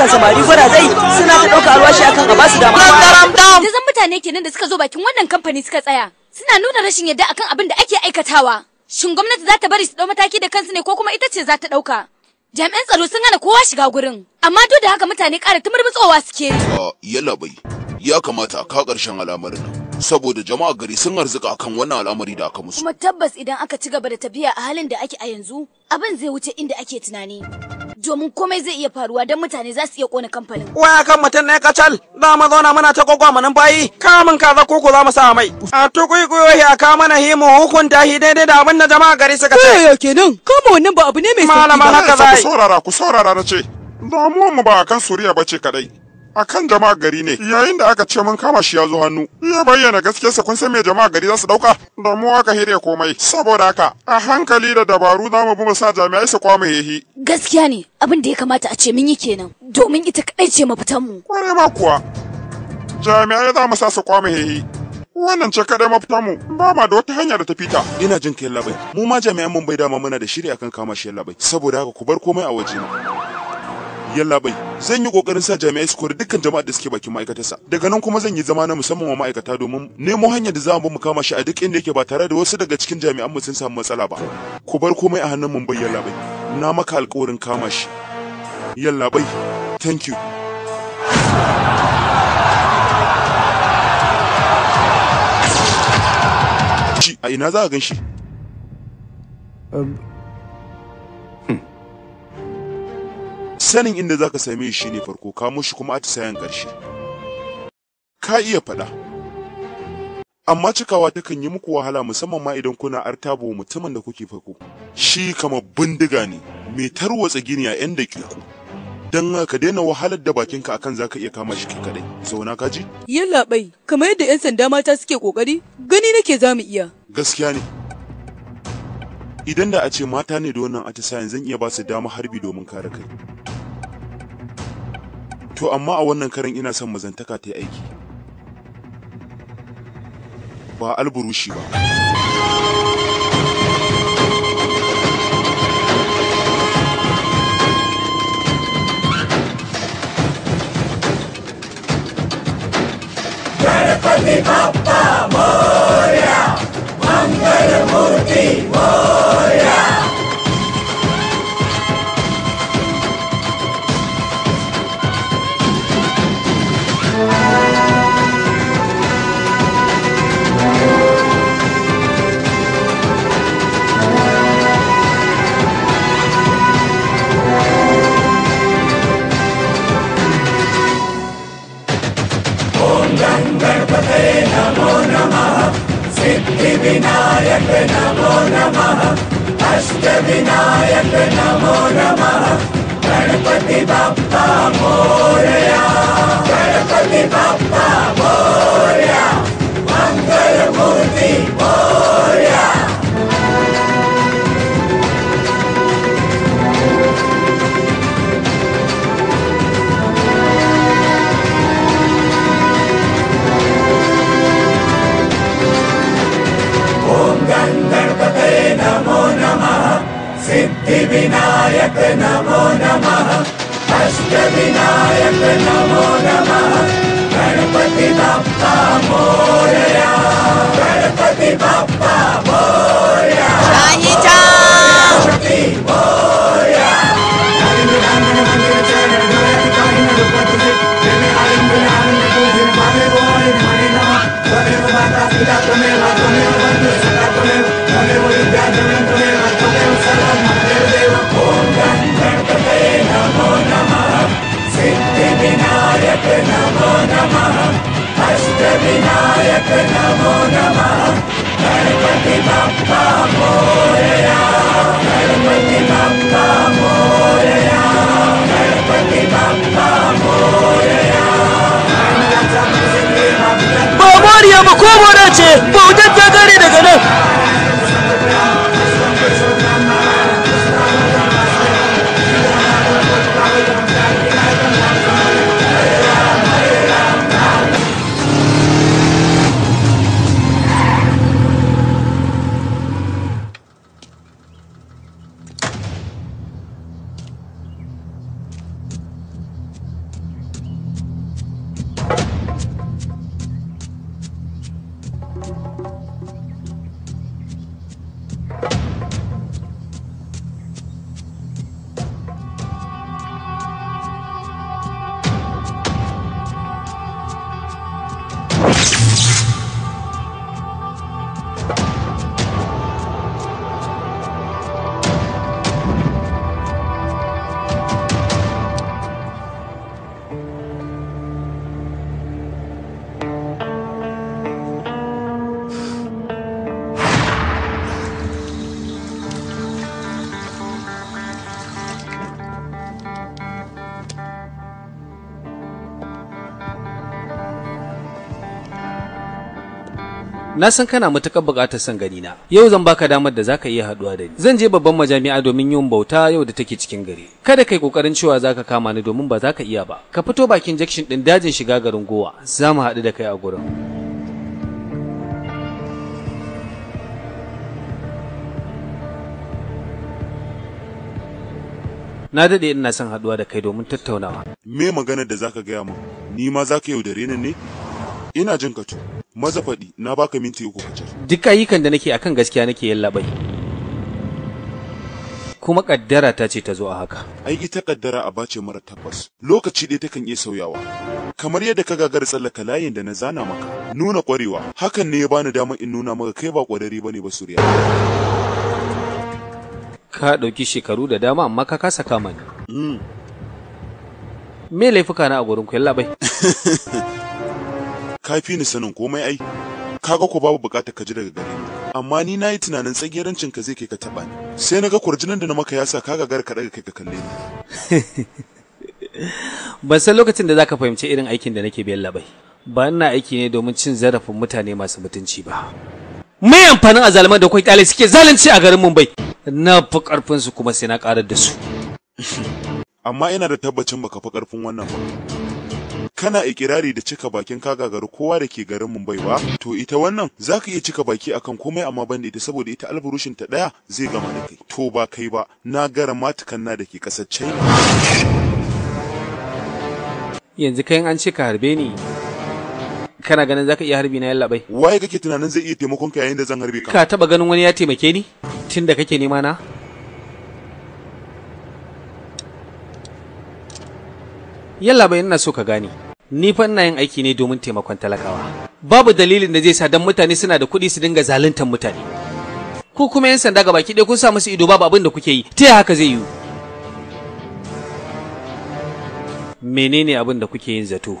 akan samari gwada zai suna ta ɗauka alwashi akan a basu dama. Dazan mutane kenan da suka zo bakin wannan kamfani suka tsaya suna nuna rashin yadda akan abin da ake aikatawa. Shin gwamnati za ta bari su dau mataki da kansu ne ko kuma ita ce za ta ɗauka? Jami'an tsaro sun hana kowa shiga gurin, amma duk da haka mutane ƙara tumurmutsowa suke. Ah, yalla bai, ya kamata ka ƙarshen al'amarin nan. saboda jama'a gari sun arzika akan wannan al'amari da aka musu kuma tabbas idan aka ci gaba da tafiya a halin da ake a yanzu abin zai wuce inda ake tunani domin komai zai iya faruwa don mutane za su iya kona kamfanin waya kan mutum ne kacal za mu zauna muna ta gwagwa manan bayi kamun kaza koko za mu sa mai a tukui kuyoyi a kama na himu hukunta hi daidai da abin da jama'a gari suka ce yaya kenan kama wannan ba abu ne mai sauki ba malama haka zai ku saurara ku saurara na ce damuwar mu ba kan suriya bace kadai a kan jama'a gari ne yayin da aka ce mun kama shi ya zo hannu ya bayyana sa kun san me jama'a gari za su dauka da mu aka hire komai saboda haka a hankali da dabaru za mu bi mu sa jami'ai su kwame hehi gaskiya ne abin da ya kamata a ce mun yi kenan domin ita kadai ce mafitan mu kwarai ma kuwa jami'ai za mu sa su kwame hehi wannan ce kadai mafitan mu ba ma da wata hanya da ta fita ina jin kai labai mu ma jami'an mun bai dama muna da shiri akan kama shi labai saboda haka ku bar komai a waje mu yalla bai zan yi kokarin sa jami'ai su kori dukkan jama'a da suke bakin ma'aikatarsa daga nan kuma zan yi zama na musamman wa ma'aikata domin nemo hanyar da za mu kama shi a duk inda yake ba tare da wasu daga cikin jami'an mu sun samu matsala ba ku bar komai a hannun mun bai yalla bai na maka alƙawarin kama shi yalla bai thank you a ina za a gan shi um, sanin inda zaka same shi ne farko ka mushi kuma atisayen ƙarshe ka iya faɗa amma cikawa takan yi muku wahala musamman ma idan kuna artabo mutumin da kuke farko shi kama bindiga ne mai tarwatsa gini a 'yan dakiku dan ka daina wahalar da bakinka akan zaka iya kama shi kadai zauna ka ji yalla bai kamar yadda 'yan sanda mata suke kokari gani nake zamu iya gaskiya ne Idan da a ce mata ne da wannan atisayen zan iya ba su dama harbi domin kare kai. To amma a wannan karin ina son mazantaka ta yi aiki. Ba alburushi ba. Ganapati Bappa Moria! Moria! Vinayak नमो नमः अष्ट विनायक नमो नमः गणपति पप्ता मोरया गणपति पप्पा मोरया अन्तरमूर्ति मोया विनायक नमो नमः अष्ट विनायक नमो नमः गणपति बाप्पा मोरया गणपति बाप्पा मोरया गणपति मोरया तुम्हें तुम्हें तुम्हें Bamoria, Bamoria, Bamoria, Bamoria, Bamoria, Bamoria, na san kana matuƙar buƙatar son gani na yau zan baka damar da zaka iya haɗuwa da ni zan je babban majami'a domin yin bauta yau da take cikin gari kada kai kokarin cewa zaka kama ni domin ba zaka iya ba ka fito bakin jakshin din dajin shiga garin Gowa za mu haɗu da kai a gurin na daɗe ina son haɗuwa da kai domin tattaunawa. Me maganar da zaka gaya min? Ni ma zaka yaudare ni ne? Ina jin ka maza faɗi na baka minti uku kacal. Duk ayyukan da nake akan gaskiya nake yallaɓai. Kuma kaddara ta ce ta zo a haka. Ai ita kaddara a bace mara tabbas. Lokaci ɗaya takan iya sauyawa. Kamar yadda ka gagar tsallaka layin da na zana maka. Nuna ƙwarewa. Hakan ne ya bani damar in nuna maka kai ba ƙwararre bane ba Suriya. Ka ɗauki shekaru da dama amma ka kasa kama ni. Hmm. Me laifuka na a gurin ku yallaɓai? ka fi ni sanin komai ai kaga ko babu bukatar ka ji daga gare ni amma ni nayi tunanin tsagerancin ka zai kai ka taba ni sai naga kurjinin da na maka yasa ka gar ka daga kai ka kalle ni ban san lokacin da zaka fahimci irin aikin da nake biyan labai ba ina aiki ne domin cin zarafin mutane masu mutunci ba mai amfanin azalman da kwai ɗalai suke zalunci a garin Mumbai na fi karfin kuma sai na karar da su amma ina da tabbacin baka fi karfin wannan ba kana ikirari da cika bakin ka gagaru kowa da ke garin Mumbai ba to ita wannan zaka iya cika baki akan komai amma ban ita saboda ita alburushin ta daya zai gama da kai to ba kai ba na gara matukan na da ke kasar China yanzu kai an ce ka harbe ni kana ganin zaka iya harbi na yalla bai waye kake tunanin zai iya taimakon ka yayin da zan harbe ka ka taba ganin wani ya taimake ni tunda kake nema na yalla bai ina so ka gane ni fa ina yin aiki ne domin taimakon talakawa babu dalilin da zai sa dan mutane suna da kuɗi su dinga zaluntar mutane ku kuma yan sanda ga baki ɗaya kun sa musu ido babu abin da kuke yi ta haka zai yiwu menene abin da kuke yin zato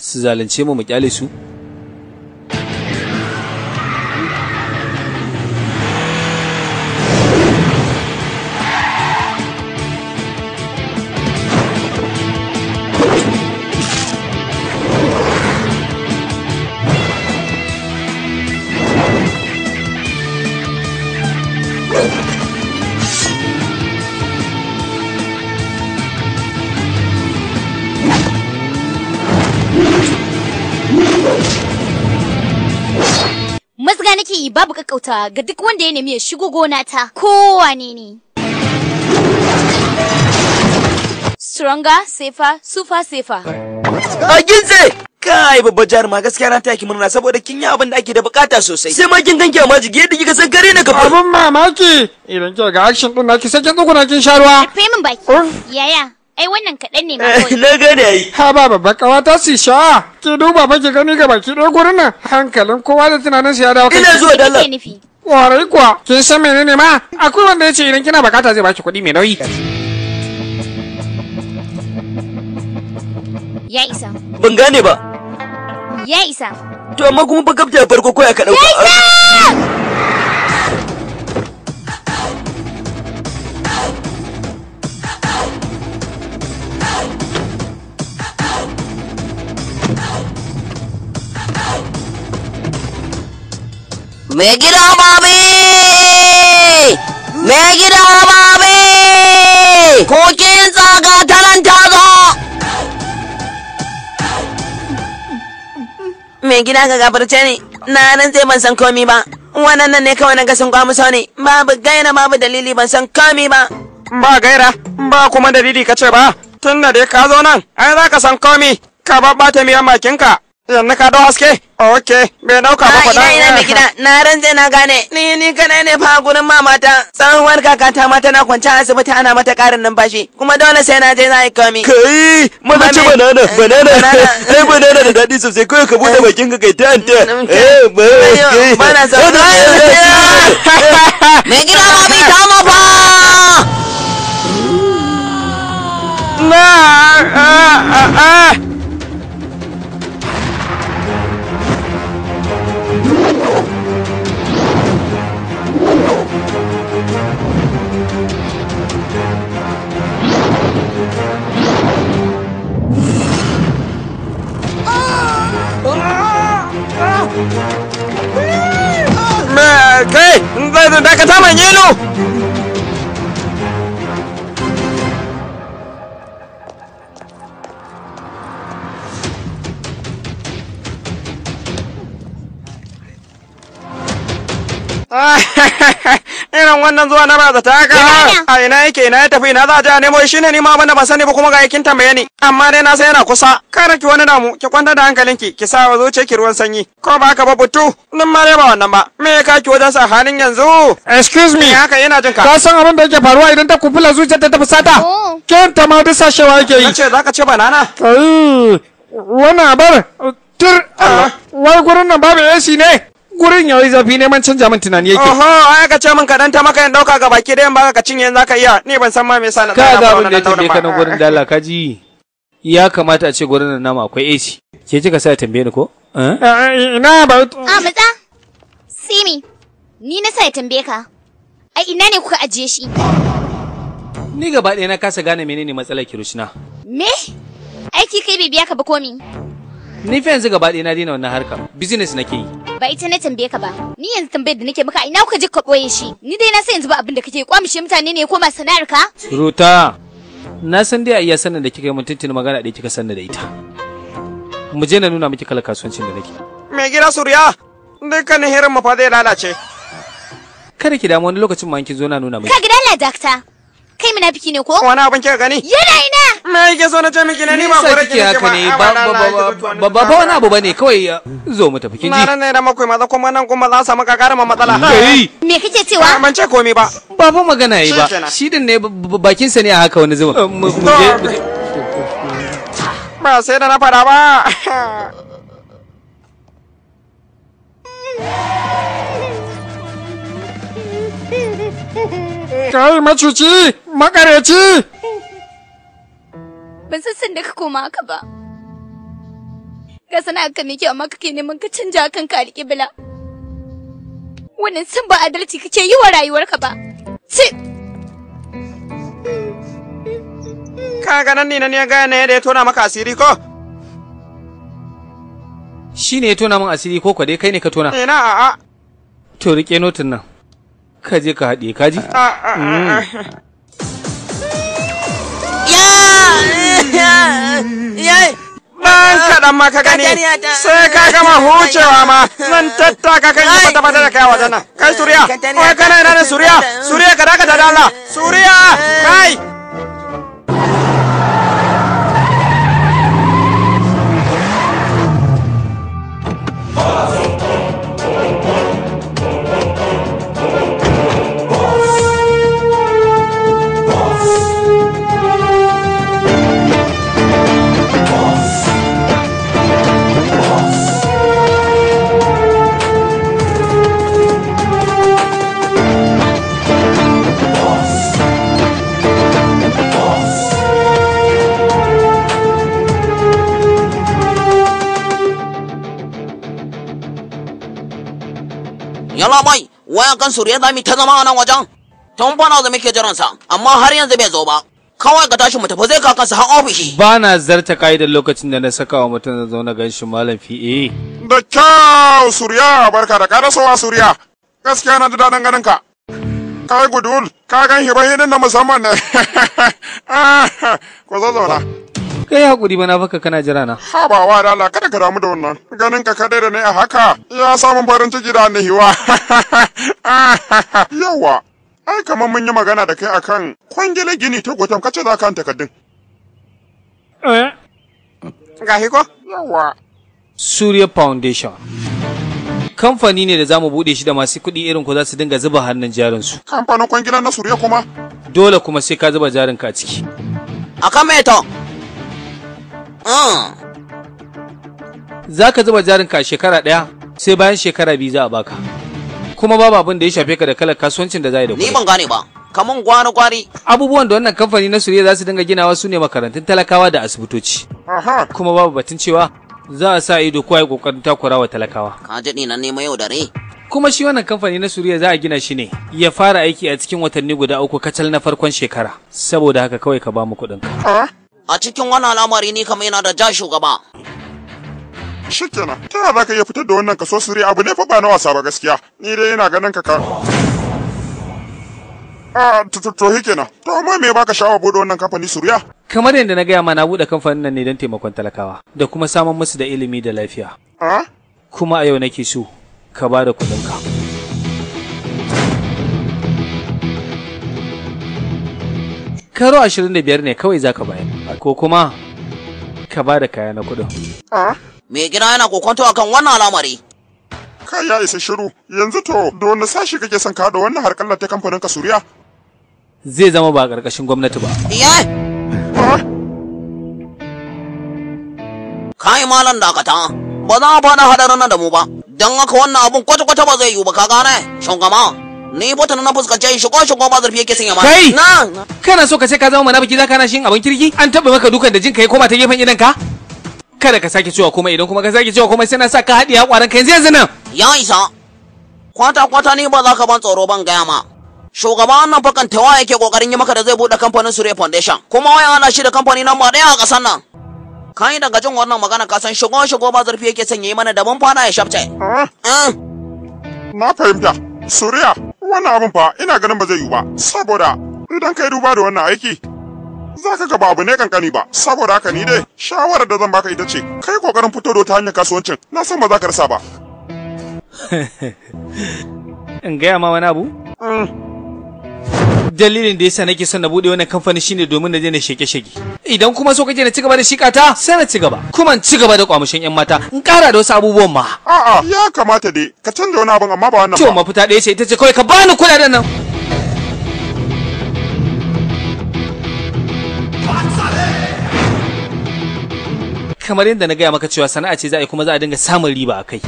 su zalunce mu mu kyale su aiki babu kakkautawa ga duk wanda ya nemi ya shigo gona ta kowane ne. Stronger, safer, super safer. A gintse! Kai babba jari ma gaskiya na taki murna saboda kin yi abin da ake da bukata sosai. Sai ma kin ganke ma jige yadda kika san kare na kafa. Abin mamaki idan kika ga action din naki sai kin tsukuna kin sha ruwa. Rufe min baki. Yaya, Ai wannan kaɗan ne ma eh, kawai. Na gane ai. Ha ba babba ta su sha'a. Ki duba ba ki gani ga baki ɗaya gurin nan. Hankalin kowa da tunanin ya dawo Ina zuwa dalla. Warai kuwa. Kin san menene ma? Akwai wanda ya ce idan kina bukata zai baki kuɗi mai nauyi. Ya isa. Ban gane ba. Ya isa. To amma kuma ba gabta farko ko ya ka ɗauka. Ya isa! mai gida babe mai gida babe kokin gida ka gafarce ne na nan sai ban san komi ba ne kawai na ga sun kwamuso ne babu gaira babu dalili ban san komi ba ba gaira ba kuma dalili kace ba tun da dai ka zo nan ai za ka san komi ka babbata miyan bakinka Yanzu ka dau haske? Ok, bai dauka ba kuɗa. Ina ina gida, na rantse na gane. Ni ni kanai ne fa gurin mamata. Tsohuwar kakata ma tana kwance a asibiti ana mata ƙarin numfashi. Kuma dole sai na je na yi komi. Kai, mun ci eh, banana, banana. Ai eh, banana da dadi sosai kai ka bude bakin ka kai ta anta. Mm, eh, ba. Bana so. gida ma bai ta ma ba. Na. Ah ah ah. ah. dakata man yelo irin wannan zuwa na bazata haka a ina yake ina ya tafi ina za a je a nemo shi ne ni ma bana ban sani ba kuma ga yakin tambaye ni amma dai na san yana kusa kada ki wani damu ki kwanta da hankalinki ki sa wa zuciya ki ruwan sanyi ko ba haka ba butu nan ma dai ba wannan ba me ya kaki wajen sa halin yanzu excuse me haka yana jinka ka san abin da yake faruwa idan ta kufula zuciyar ta tafi sata kin ta ma duk sashewa yake yi ce zaka ce banana kai wannan abar tur ah. wai gurin nan babu AC ne gurin yayi zafi neman canja min tunani yake oho ai ka ce min ka danta maka yan dauka ga baki da yan baka ka cinye zaka iya ni ban san ma me yasa na ka ga wannan da ba ka ga gurin dala ka ji ya kamata a ce gurin nan nama akwai AC ke kika sa tambaye ni ko eh? Eh, eh, ina ba a ah, mata simi ni na sa tambaye ka ai ina ne kuka ajiye shi ni gaba ɗaya na kasa gane menene matsalar kirushina me aiki kai bai biya ka ba komi Ni fa yanzu gaba ɗaya na dina wannan harkar. Business nake yi. Ba ita na tambaye ka ba. Ni yanzu tambayar da nake maka ina kuka je ka ɓoye shi. Ni dai na san yanzu ba abin da kake kwamishe mutane ne ko ma sana'ar ka? Ruta. Na san dai a iya sanin da kika yi mun tuntuni magana da kika sanin da ita. Mu je na nuna miki kala kasuwancin da nake. Mai gida Surya, dukkanin hirin mafa zai lalace. Kada ki damu wani lokacin ma kin zo na nuna miki. Ka gida la dakta. kai biki ne ko wani abin kika gani yana ina na yake so na ce miki ne ni ba kore kike haka ne ba ba ba wani abu bane kawai zo mu tafi kinji na ne da makoi maza kuma nan kuma za su samu kakarin ma matsala me kike cewa ban ce komai ba ba ba magana yi ba shi din ne bakin sa ne a haka wani zuma mu je ba sai da na fara ba Yeah. Kai macuci, makareci! Ban san san da ka koma haka ba. Ga sana ka mai kyau amma kake neman ka canja kanka kibila Wannan san ba adalci kake yi wa rayuwarka ba. Ci! Ka ga nan ne ya gaya na yadda ya tona maka asiri ko? Shi ne ya tona min asiri ko kwa dai kai ne ka tona? Ina a'a. To rike notin nan. ka je ka haɗe ka ji nan ah, ah, ah, mm. kaɗan ma ka gani sai ka gama hucewa ma nan tattaka kan yi fata fata da kai wajen nan kai suriya kai kana ina ne suriya suriya ka dakata da Allah suriya eh. kai yalla bai wayan kan suriya zami ta zama a nan wajen tun bana da muke jiran sa amma har yanzu bai zo ba kawai ka tashi mu tafi zai kakan sa har ofishi ba na zarta ka'idar lokacin da na saka wa mutum da zauna gan shi malam eh da kyau suriya barka da kada suriya gaskiya na da daɗin ganin ka kai gudul ka gan hidin na musamman ne ah, ko zo zauna Kai hakuri ba na baka kana jira na. Ha ba wa da Allah kada ka damu da wannan. Ganin ka kadai da ne a haka ya samun farin ciki da annahiwa. Yawa. Ai kamar mun yi magana da kai akan kwangile gini ta gotam kace za ka takaddun. Eh. Ga hiko? Yawa. Surya Foundation. Kamfani ne da zamu bude shi da masu kuɗi irin ku za su dinga zuba hannun jarinsu. Kamfanin kwangila na Surya kuma? Dole kuma sai ka zuba jarinka a ciki. A kan meton. Ah. za ka zuba jarinka shekara ɗaya sai bayan shekara biyu za a baka kuma babu abin da ya shafe ka da kalar kasuwancin da za yi da kuma. ni ban gane ba kaman gwani gwani abubuwan da wannan kamfani na suriya za su dinga ginawa su ne makarantun talakawa da asibitoci kuma babu batun cewa za a sa ido kowa ya kokarin takura wa talakawa ka ji na nema yau da kuma shi wannan kamfani na suriya za a gina shi ne ya fara aiki a cikin watanni guda uku kacal na farkon shekara saboda haka kawai ka ba mu kuɗin ka ah. a cikin wannan al'amari ni kamar yana da ja shugaba shikenan ta yaba ka iya fitar da wannan kaso sirri abu ne fa ba na wasa ba gaskiya ni dai ina ganin ka ka a to kenan to amma me baka sha'awa bude wannan kamfani suriya kamar yadda na gaya ma na bude kamfanin nan ne don taimakon talakawa da kuma samun musu da ilimi da lafiya a kuma a yau nake so ka ba da kuɗinka. karo 25 ne kawai zaka bayar ko kuma ka ba da kaya na kuɗin. Me gida yana kokonto akan wannan al'amari. Ka ya isa shiru yanzu to don na sashi kake son ka da wannan harkar ta kamfanin kasuriya. Zai zama ba ƙarƙashin gwamnati ba. yi malam dakata ba za a faɗa hadarin nan da mu ba don haka wannan abun kwata-kwata ba zai yiwu ba ka gane shugaba. ni bota na fuskance shi ko shi ko ba zarfi yake sanya ma kai na kana so ka ce ka zama biki zaka na shin abin kirki an taba maka dukan da jinka ya koma ta gefen idan ka kada ka sake cewa komai idan kuma ka sake cewa komai sai na sa ka haɗiya kwaran kai yanzu nan ya isa kwata kwata ne ba za ka ban tsoro ban gaya ma shugaban wannan fakan tawa yake kokarin yi maka da zai bude kamfanin Sure Foundation kuma waya ana shi da kamfani nan ma daya a kasan nan kai daga jin wannan magana ka san shigo shigo ba zarfi yake sanya mana da mun fana ya shafce ah. eh. na fahimta Surya wannan abin fa ina ganin ba zai yiwu ba saboda idan kai duba da wannan aiki za ka ga babu ne kankani ba saboda haka ni dai shawarar da zan baka ita ce kai kokarin fito da ta hanyar kasuwancin na san ba za ka rasa ba in gaya ma wani abu mm. dalilin da yasa nake son na bude wannan kamfani shine domin na je na sheke shege idan kuma so kake na ci gaba da shikata sai na ci gaba kuma ci gaba da kwamishin yan mata in kara da wasu abubuwan ma a'a ya kamata dai ka canza wani abin amma ba wannan ba to mafita ɗaya ce ita ce kawai ka bani kudaden nan kamar yadda na gaya maka cewa sana'a ce za a yi kuma za a dinga samun riba a kai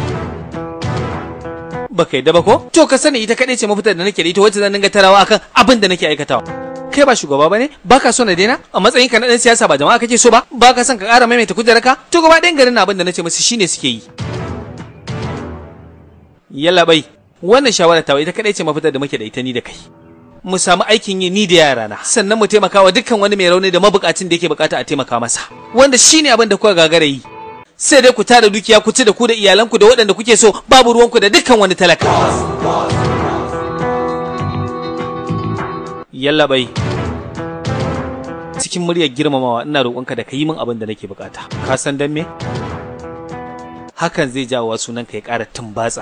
baka yadda ba ko to ka sani ita kadai ce mafitar da nake da ita wacce zan dinga tarawa akan abin da nake aikatawa kai ba shugaba bane baka so na daina a matsayin ka na dan siyasa ba jama'a kake so ba baka son ka ƙara maimaita ka. to gaba ɗayan garin na abin da nace musu shine suke yi yalla bai wannan shawara ta ita kadai ce mafitar da muke da ita ni da kai mu samu aikin yi ni da yara na sannan mu taimaka wa dukkan wani mai rauni da mabukacin da yake bukata a taimaka masa wanda shine abin da kuka gagara yi sai dai ku tara dukiya ku ci da ku da iyalanku da waɗanda kuke so babu ruwanku da dukkan wani talaka yallaɓai cikin muryar girmamawa ina roƙonka da ka yi min abin da nake bukata ka san dan me hakan zai jawo sunanka ya ƙara tumbatsa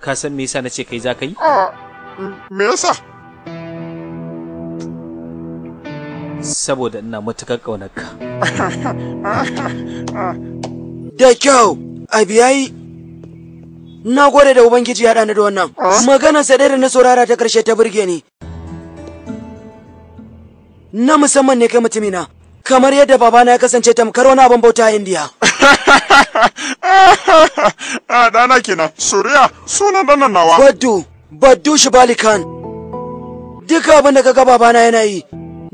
ka san me yasa na ce kai za ka yi ah, me yasa saboda ina matuƙar ka. Da kyau, abiyayi Na gode da Ubangiji ya ni da wannan. Oh? Magana sa da na saurara ta karshe ta burge ni. Na musamman ne ka mutumina, kamar yadda babana ya kasance tamkar wani abin bauta a Indiya. Dana ah, kenan, Suriya, sunan ɗanan nawa. Baddu, Baddu Shibali Duka abin da ka ga babana yana yi,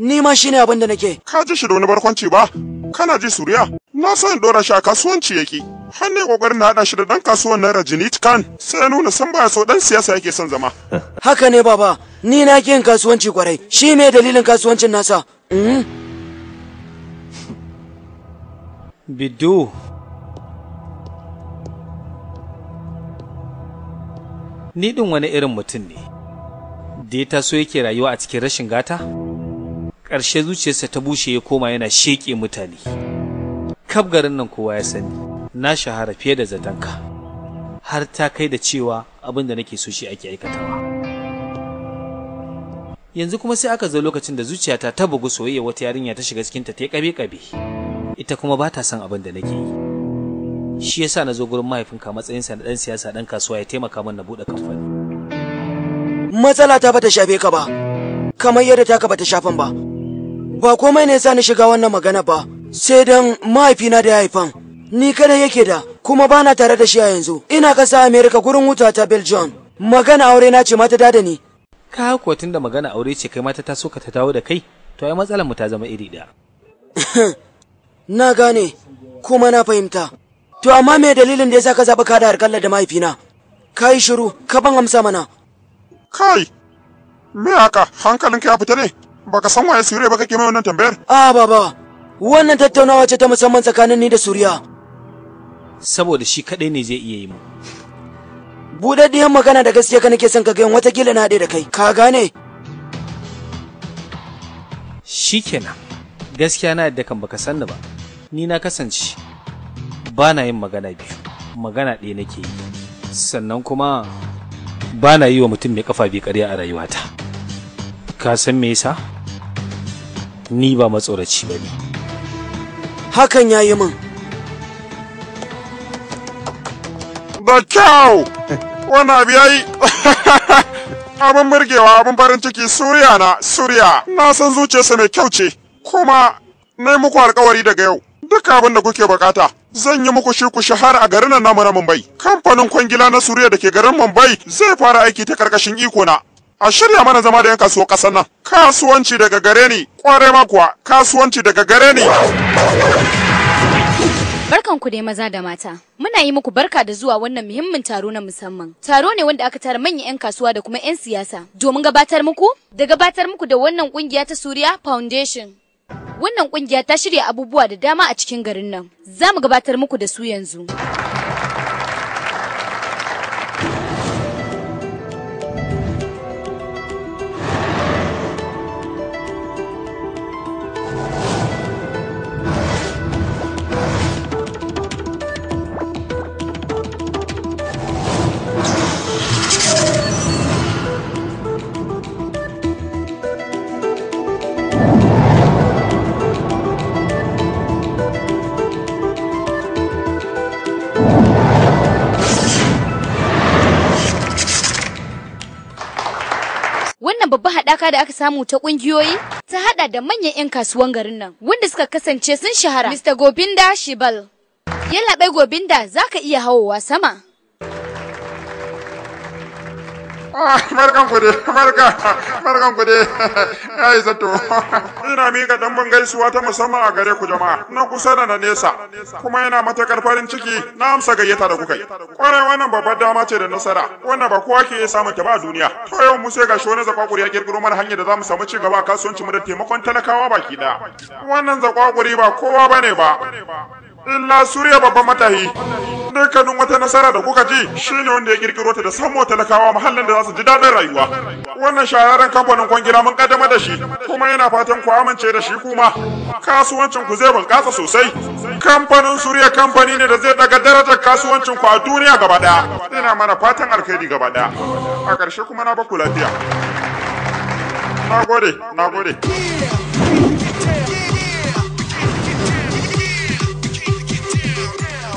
ni ma shine abin da nake ka ji shi da wani barkwanci ba kana ji suriya na so in dora shi a kasuwanci yake har ne kokarin na hada shi da dan kasuwan na Rajinit Khan sai nuna san baya so dan siyasa yake son zama haka ne baba ni na kin kasuwanci kwarai shi me dalilin kasuwancin nasa hmm? Bidu Ni din wani irin mutum ne da ya taso yake rayuwa a cikin rashin gata? ƙarshe zuciyarsa ta bushe ya koma yana sheƙe mutane kaf garin nan kowa ya sani na shahara fiye da zatanka har ta kai da cewa abin da nake so shi ake aikatawa yanzu kuma sai aka zo lokacin da zuciyata ta bugu soyayya wata yarinya ta shiga cikinta ta kabe kabe ita kuma ba ta son abin da nake yi shi yasa na zo gurin mahaifinka matsayinsa na ɗan siyasa ɗan kasuwa ya taimaka min na buɗe kamfani matsala ta bata shafe ka ba kamar yadda ta taka bata shafan ba ba komai ne sa ni shiga wannan magana ba sai dan mahaifina da ya haifan ni kada yake da kuma bana tare da shi a yanzu ina kasa america gurin wuta ta belgium magana aure na ce mata da ni ka kuwa tunda magana aure ce kai mata ta so ka ta dawo da kai to ai matsalar mu ta zama iri da na gane kuma na fahimta to amma me dalilin da yasa ka zaba ka da harkalla da mahaifina kai shiru ka ban amsa mana kai me haka hankalinka ya fita ne Baka san waye Suriya ba kake mai wannan tambayar? A baba, wannan tattaunawa ce ta musamman tsakanin ni da Suriya. Saboda shi kadai ne zai iya yi mu. Budaddiyar magana da gaskiya ka nake son ka ga watakila na haɗe da kai. Ka gane? kenan Gaskiya na yadda kan baka sanni ba. Ni na kasance ba na yin magana biyu. Magana ɗaya nake yi. Sannan kuma ba na yi wa mutum mai kafa bi ƙarya a rayuwata. ka san me yasa ni ba matsoraci ba ne hakan ya yi min da kyau wannan abu ya yi abin burgewa abin farin ciki suriya na suriya na san zuciyarsa mai kyau ce kuma na muku alkawari daga yau duk abin da kuke bukata zan yi muku shi ku shahara a garin nan namu na Mumbai kamfanin kwangila na Suriya da ke garin Mumbai zai fara aiki ta karkashin iko na a shirya mana zama da 'yan kasuwa ƙasar nan kasuwanci daga gare ni kware ma kuwa kasuwanci daga gare ni Barkan ku dai maza da mata. Muna yi muku barka da zuwa wannan muhimmin taro na musamman. Taro ne wanda aka tara manyan 'yan kasuwa da kuma 'yan siyasa domin gabatar muku da gabatar muku da wannan kungiya ta Suriya Foundation. Wannan kungiya ta shirya abubuwa da dama a cikin garin nan. Za mu gabatar muku da su yanzu. haɗaka da aka samu ta ƙungiyoyi ta haɗa da manyan 'yan kasuwan garin nan wanda suka kasance sun shahara. Mr. Gobinda Shibal. Yalla bai Gobinda za ka iya hawowa sama. barkan ku dai barka barkan ku dai zato ina mika dambun gaisuwa ta musamman a gare ku jama'a na kusa da na nesa kuma yana matakar farin ciki na amsa gayyata da kuka yi kwarai wannan babbar dama ce da nasara wanda ba kowa ke samu ta ba duniya to yau mu sai ga shone zakwakuri ya kirkiro mana hanyar da zamu samu ci gaba a kasuwancin mu da taimakon talakawa baki daya wannan zakwakuri ba kowa bane ba illa suriya babban matahi dukkanin wata nasara da kuka ji Shi ne wanda ya kirkiro ta da samo talakawa mahallin da za su ji daɗin rayuwa wannan shahararren kamfanin kwangila mun kaddama da shi kuma yana fatan ku amince da shi kuma kasuwancin ku zai bunƙasa sosai kamfanin suriya kamfani ne da zai daga darajar kasuwancin ku a duniya gaba ɗaya ina mana fatan alkhairi gaba ɗaya a ƙarshe kuma na ba ku lafiya na gode na gode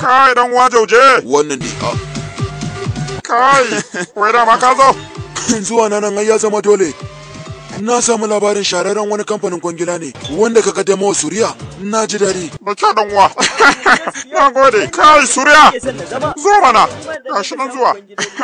kai dan wajauje wannan ne a ah. kai wai da ma zo zuwa nan ya zama dole na samu labarin shararren wani kamfanin kwangila ne wanda ka kada mawa suriya na ji daɗi da kya dan uwa na gode kai suriya zo mana ga shi nan zuwa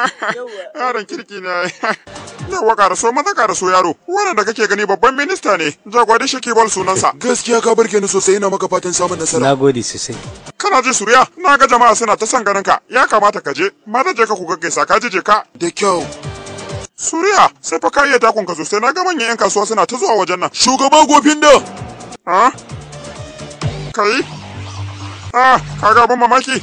yaron kirki ne yawa karaso maza karaso yaro wannan da kake gani babban minista ne jagwadi bal sunansa gaskiya ka barke ni sosai ina maka fatan samun nasara na gode sosai kana ji suriya na ga jama'a suna ta son ka ya kamata ka je maza je ka ku gaggaisa ka ji je ka da kyau Suriya, sai fa ka iya kun kaso sosai. Na ga manyan 'yan kasuwa suna ta zuwa wajen nan. Shugaba gofin da. Ah? Kai? Ah, ka ga ban mamaki.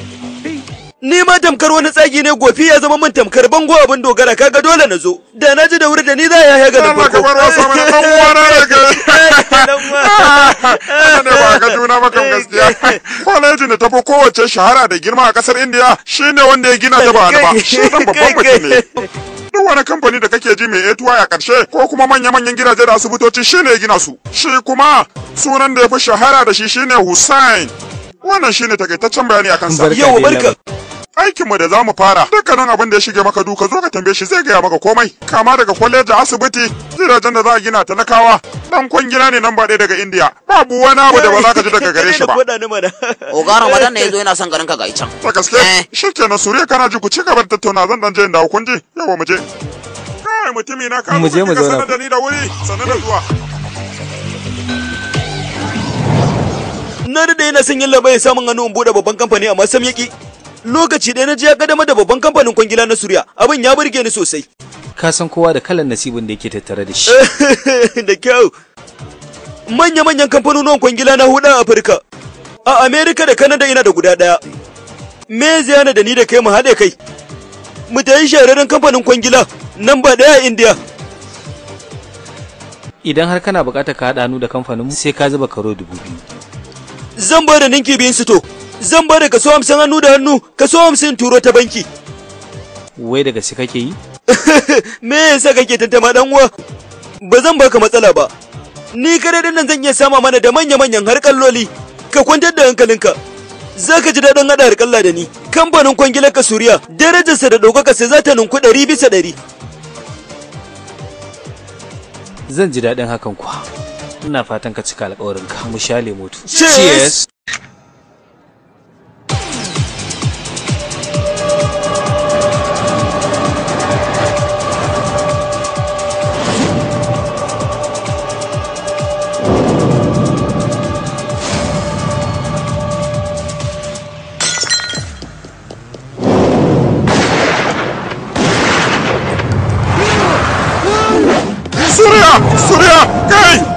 ni ma tamkar wani tsagi ne gofi ya zama min tamkar bango abin dogara kaga dole na zo da na ji da wuri da ni za ya yaga da farko Allah ka ne ba ka juna ba gaskiya kwalejin da ta fi kowace shahara da girma a kasar shi ne wanda ya gina ta ba ba shi dan babban mutum ne duk wani kamfani da kake ji mai etuwa a ƙarshe ko kuma manya-manyan gidaje da asibitoci shine ya gina su shi kuma sunan da ya fi shahara da shi shine Hussein wannan shine takaitaccen bayani akan sa yau barka aikinmu da za mu fara dukkanin abin da ya shige maka duka zo ka tambaye shi zai gaya maka komai kama daga kwaleji asibiti jirajen da za a gina talakawa dan kwangila ne nan ba ɗaya daga indiya babu wani abu da ba za ka ji daga gare shi ba ogaro madan ne yazo yana son garin ka ga can ta gaske eh. na suriya kana ji ku ci gaba da tattauna zan dan je in dawo kun ji yawa mu je kai mutumi na ka mu je mu zauna da ni da wuri sanar da zuwa na da yana son yin labai samun hannun buɗe babban kamfani amma sam yaki lokaci ɗaya na je ya kadama da babban kamfanin kwangila na Suriya abin ya burge ni sosai ka san kowa da kalan nasibin da yake tattare da shi da kyau manya-manyan kamfanonin kwangila na hudu a Afirka a Amerika da Canada ina da guda ɗaya me ziyana da ni da kai mu haɗe kai mu ta yi shahararren kamfanin kwangila nan ba ɗaya a India idan har kana bukatar ka haɗa hannu da kamfanin sai ka zuba karo dubu biyu zan bada ninki biyun su to zan ba da kaso hamsin hannu da hannu kaso hamsin turo ta banki wai daga gaske kake yi me yasa kake tantama dan uwa ba zan baka matsala ba ni kare din nan zan iya sama mana da manya manyan kalloli. ka kwantar da hankalinka za ka ji daɗin haɗa harkalla da ni kamfanin kwangilar ka suriya darajarsa da ɗaukaka sai za ta ninku ɗari bisa ɗari zan ji daɗin hakan kuwa ina fatan ka cika alƙawarinka mu sha lemo cheers 司令，给。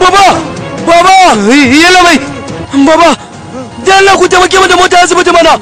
baba baba yalla mai baba dan ku taimake mu da mota asibiti mana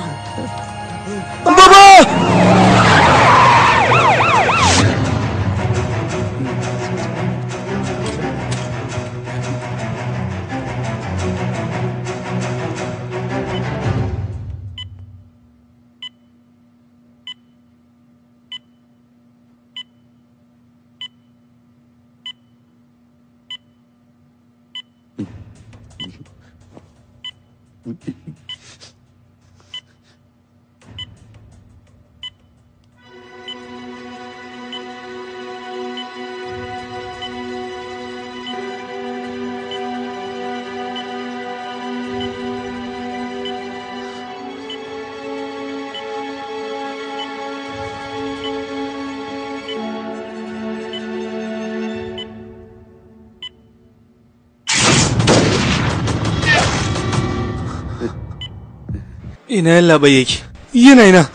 Thank you. ina yalla bai yake yana ina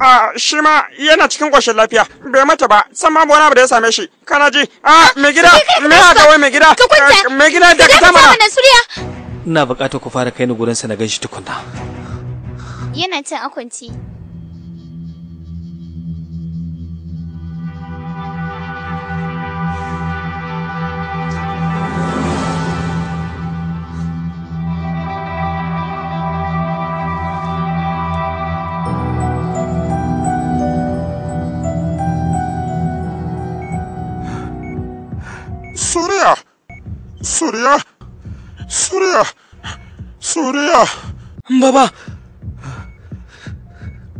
a shi ma yana cikin ƙoshin lafiya bai mata ba san ma wani abu da ya same shi kana ji a mai gida me haka wai mai gida eh, mai gida da ka tama ina buƙatar ku fara kai ni gurin sa na ganshi tukunna yana can akwanci Surya! Surya! Surya! Baba!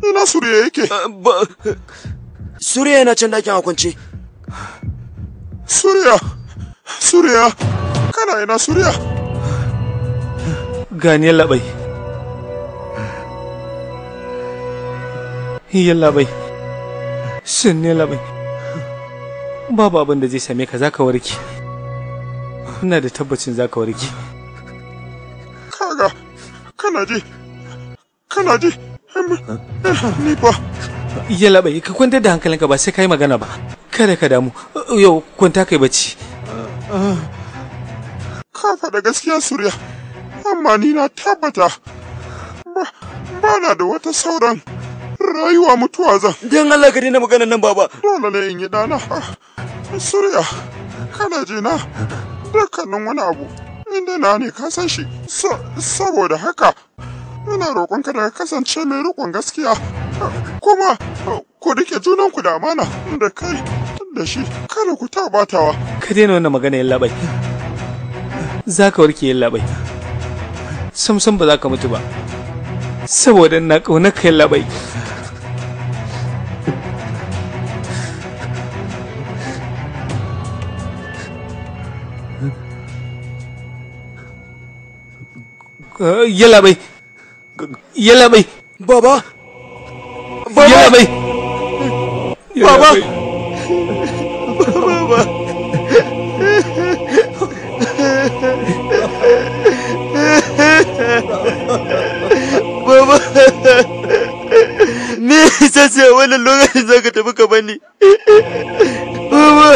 Ina Surya yake? Ah, Surya yana can dakin hakunci. Surya! Surya! Kana ina Surya! Gani labai. Yalla bai. Sun ne labai. Babu abin da zai same ka za ka warke. ina da tabbacin za ka warke kaga kana ji kana ji ni ba Iya labai ka kwantar da hankalinka ba sai ka yi magana ba kada ka damu yau kwanta kai bacci ka faɗa gaskiya surya amma ni na tabbata ba na da wata sauran rayuwa mutuwa zan don Allah ka daina maganar nan baba dole ne in yi dana surya kana ji na dukkanin wani abu inda na ne ka san shi saboda haka ina roƙonka da kasance mai riƙon gaskiya kuma ku rike junanku da amana da kai da shi kada ku tabatawa ka daina wannan magana yin labai za ka warke yin labai sam sam ba za ka mutu ba saboda na ƙaunar ka yin labai Yalabai. Yalabai. Baba. Baba. Yalabai. Baba. Baba. Baba. Me yasa sai wannan lokacin zaka tafi ka bani? Baba.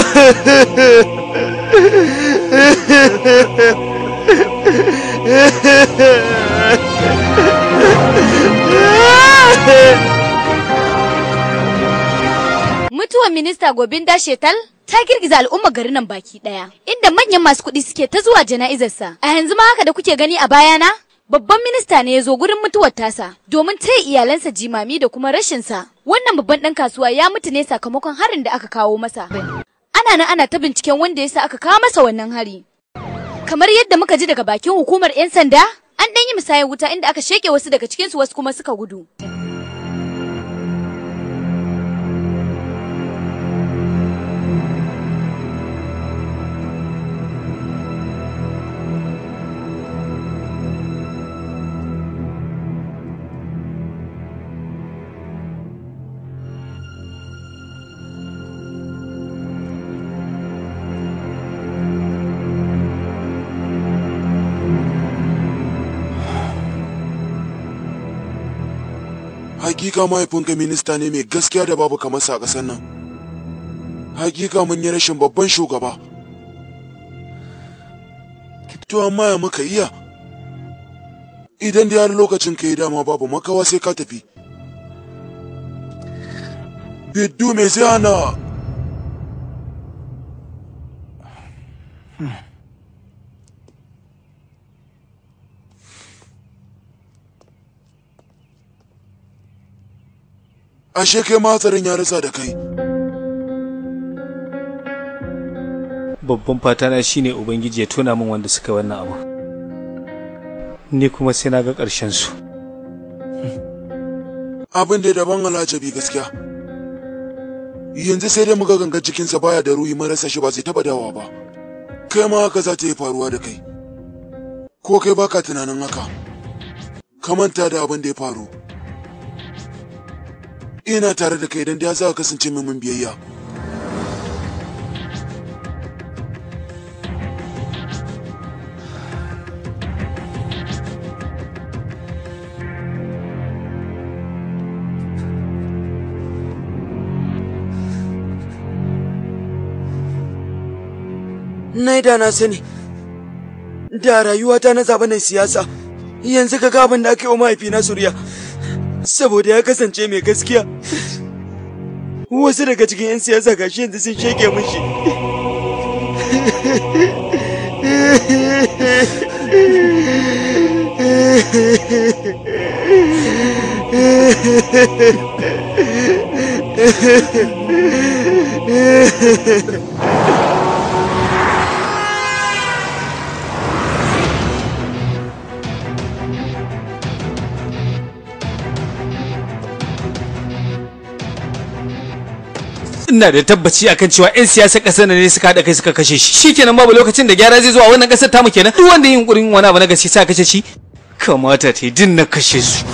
Mutuwar minista Gobinda Shetal ta girgiza al'umma garin nan baki daya, inda manyan masu kuɗi suke ta zuwa jana'izarsa. A yanzu ma haka da kuke gani a bayana, babban minista ne ya zo gurin mutuwar tasa domin taya iyalansa jimami da kuma rashin sa. Wannan babban ɗan kasuwa ya mutu ne sakamakon harin da aka kawo masa. Ana nan ana ta binciken wanda ya sa aka kawo masa wannan hari. Kamar yadda muka ji daga bakin hukumar 'yan sanda, an ɗan yi musayar wuta inda aka sheke wasu daga cikinsu wasu kuma suka gudu. hakika ka minista ne mai gaskiya da babu kamar sa ƙasar nan hakika mun yi rashin babban shugaba to amma ya muka iya idan da har lokacin ka yi dama babu makawa sai ka tafi biddu mai zai hana ashe kai ma hatsarin ya rasa da kai babban fatana shine ubangiji ya tona min wanda suka wannan abu ni kuma sai na ga ƙarshen su abin da daban alajabi gaskiya yanzu sai dai muka ganga cikinsa baya da ruhi marasa shi ba zai taba dawa ba kai ma haka za ta yi faruwa da kai ko kai baka tunanin haka ka manta da abin da ya faru ina tare da kai idan da za ka kasance min biyayya Nai da na sani, da rayuwata na zaɓa na siyasa, yanzu ka gabin da ake wa mahaifina suriya. saboda ya kasance mai gaskiya wasu daga cikin 'yan siyasa gashi yanzu sun shege mun shi ina da tabbaci akan cewa yan siyasar kasar nan ne suka haɗa kai suka kashe shi shikenan babu lokacin da gyara zai zo a wannan kasar tamu kenan duk wanda yin kurin wani abu na gaske sa kashe shi kamata ta din na kashe su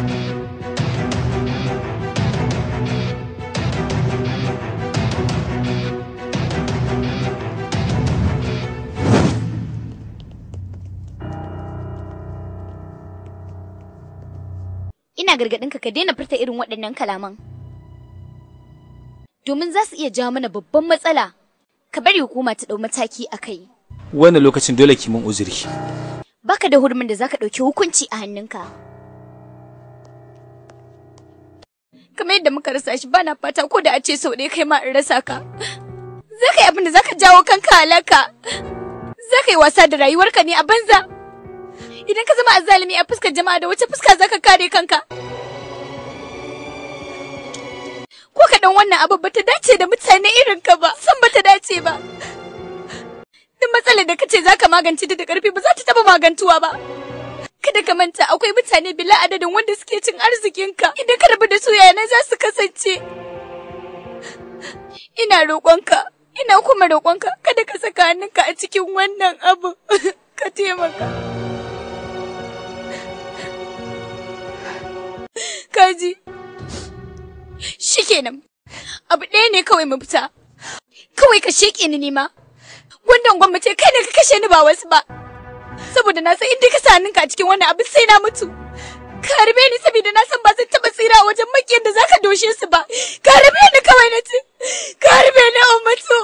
ina ka ka daina furta irin waɗannan kalaman domin za su iya jawo mana babban matsala. Ka bari hukuma ta ɗau mataki a kai. lokacin dole ki mun uzuri. Baka da hurumin da zaka ɗauki hukunci a hannunka. Kamar yadda muka rasa shi bana fata ko da a ce sau ɗaya kai ma in rasa ka. Za ka yi abin da za ka jawo kanka halaka. Za ka yi wasa da rayuwarka ne a banza. Idan ka zama azzalumi a fuskar jama'a da wace fuska za ka kare kanka? ko kaɗan wannan abu ta dace da mutane irin ka ba san bata dace ba duk matsalar da kace zaka magance ta da karfi ba za ta taɓa magantuwa ba kada ka manta akwai mutane bila adadin wanda suke cin arzikin ka idan ka rabu da su yana za su kasance ina roƙonka ina kuma roƙonka kada ka saka hannunka a cikin wannan abu ka taimaka kaji Shikenan. Abu ɗaya ne kawai mu fita. Kawai ka sheke ni nima. Wannan gwamnati kai ne ka kashe ni ba wasu ba. Saboda na san inda ka sa ninka a cikin wannan abin sai na mutu. Ka rube ni saboda na san ba zan taɓa tsira wajen makiyan da zaka doshe su ba. Ka rube ni kawai na ce. Ka rube ni a oh, mutu.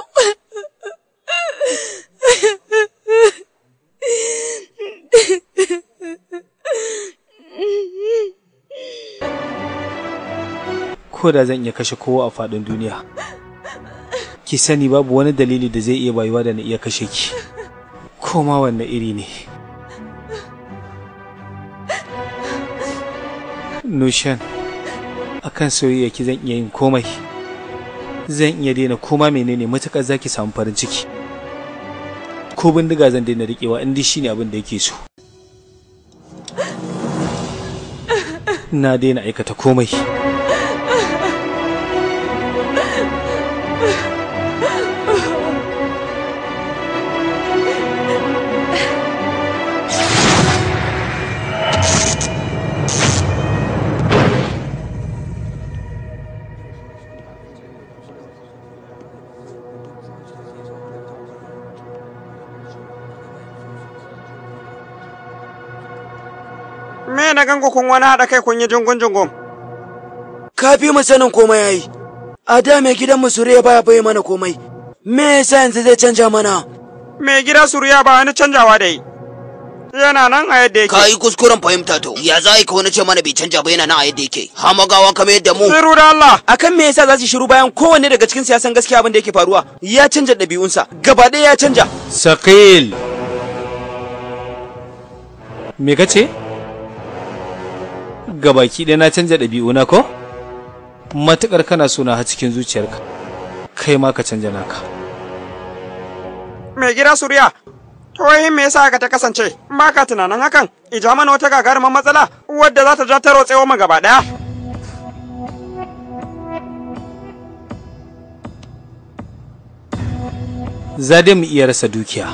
Mm-hmm. ko da zan iya kashe kowa a faɗin duniya ki sani babu wani dalili da zai iya bayuwa da na iya kashe ki ko ma wanne iri ne nushan akan soyayya ki zan iya yin komai zan iya daina koma menene matuƙar zaki samu farin ciki ko bindiga zan daina riƙewa in dai shine abin da yake so na daina aikata komai na gango kun wani haɗa kai kun yi jungun jungun. Ka fi mu sanin komai yayi. A da mai gidan mu Suriya baya bai mana komai. Me yasa yanzu zai canja mana? Mai gida Suriya ba wani canjawa da yi. Yana nan a yadda yake. Ka yi kuskuren fahimta to. Ya za ka wani ce mana bai canja ba yana nan a yadda yake. Hamagawa kamar yadda mu. Shiru da Allah. Akan me yasa za su shiru bayan kowanne daga cikin siyasan gaskiya abin da yake faruwa? Ya canja ɗabi'unsa. Gaba ɗaya ya canja. Sakil. Me ka ce? gabaki ɗaya na canja ɗabi'u na ko matuƙar kana so na cikin zuciyarka kai ma ka canja naka mai gida suriya to me yasa ka ta kasance ba ka tunanin hakan ija mana wata gagarumar matsala wadda za ta ja ta rotsewa mu gaba ɗaya zade mu iya rasa dukiya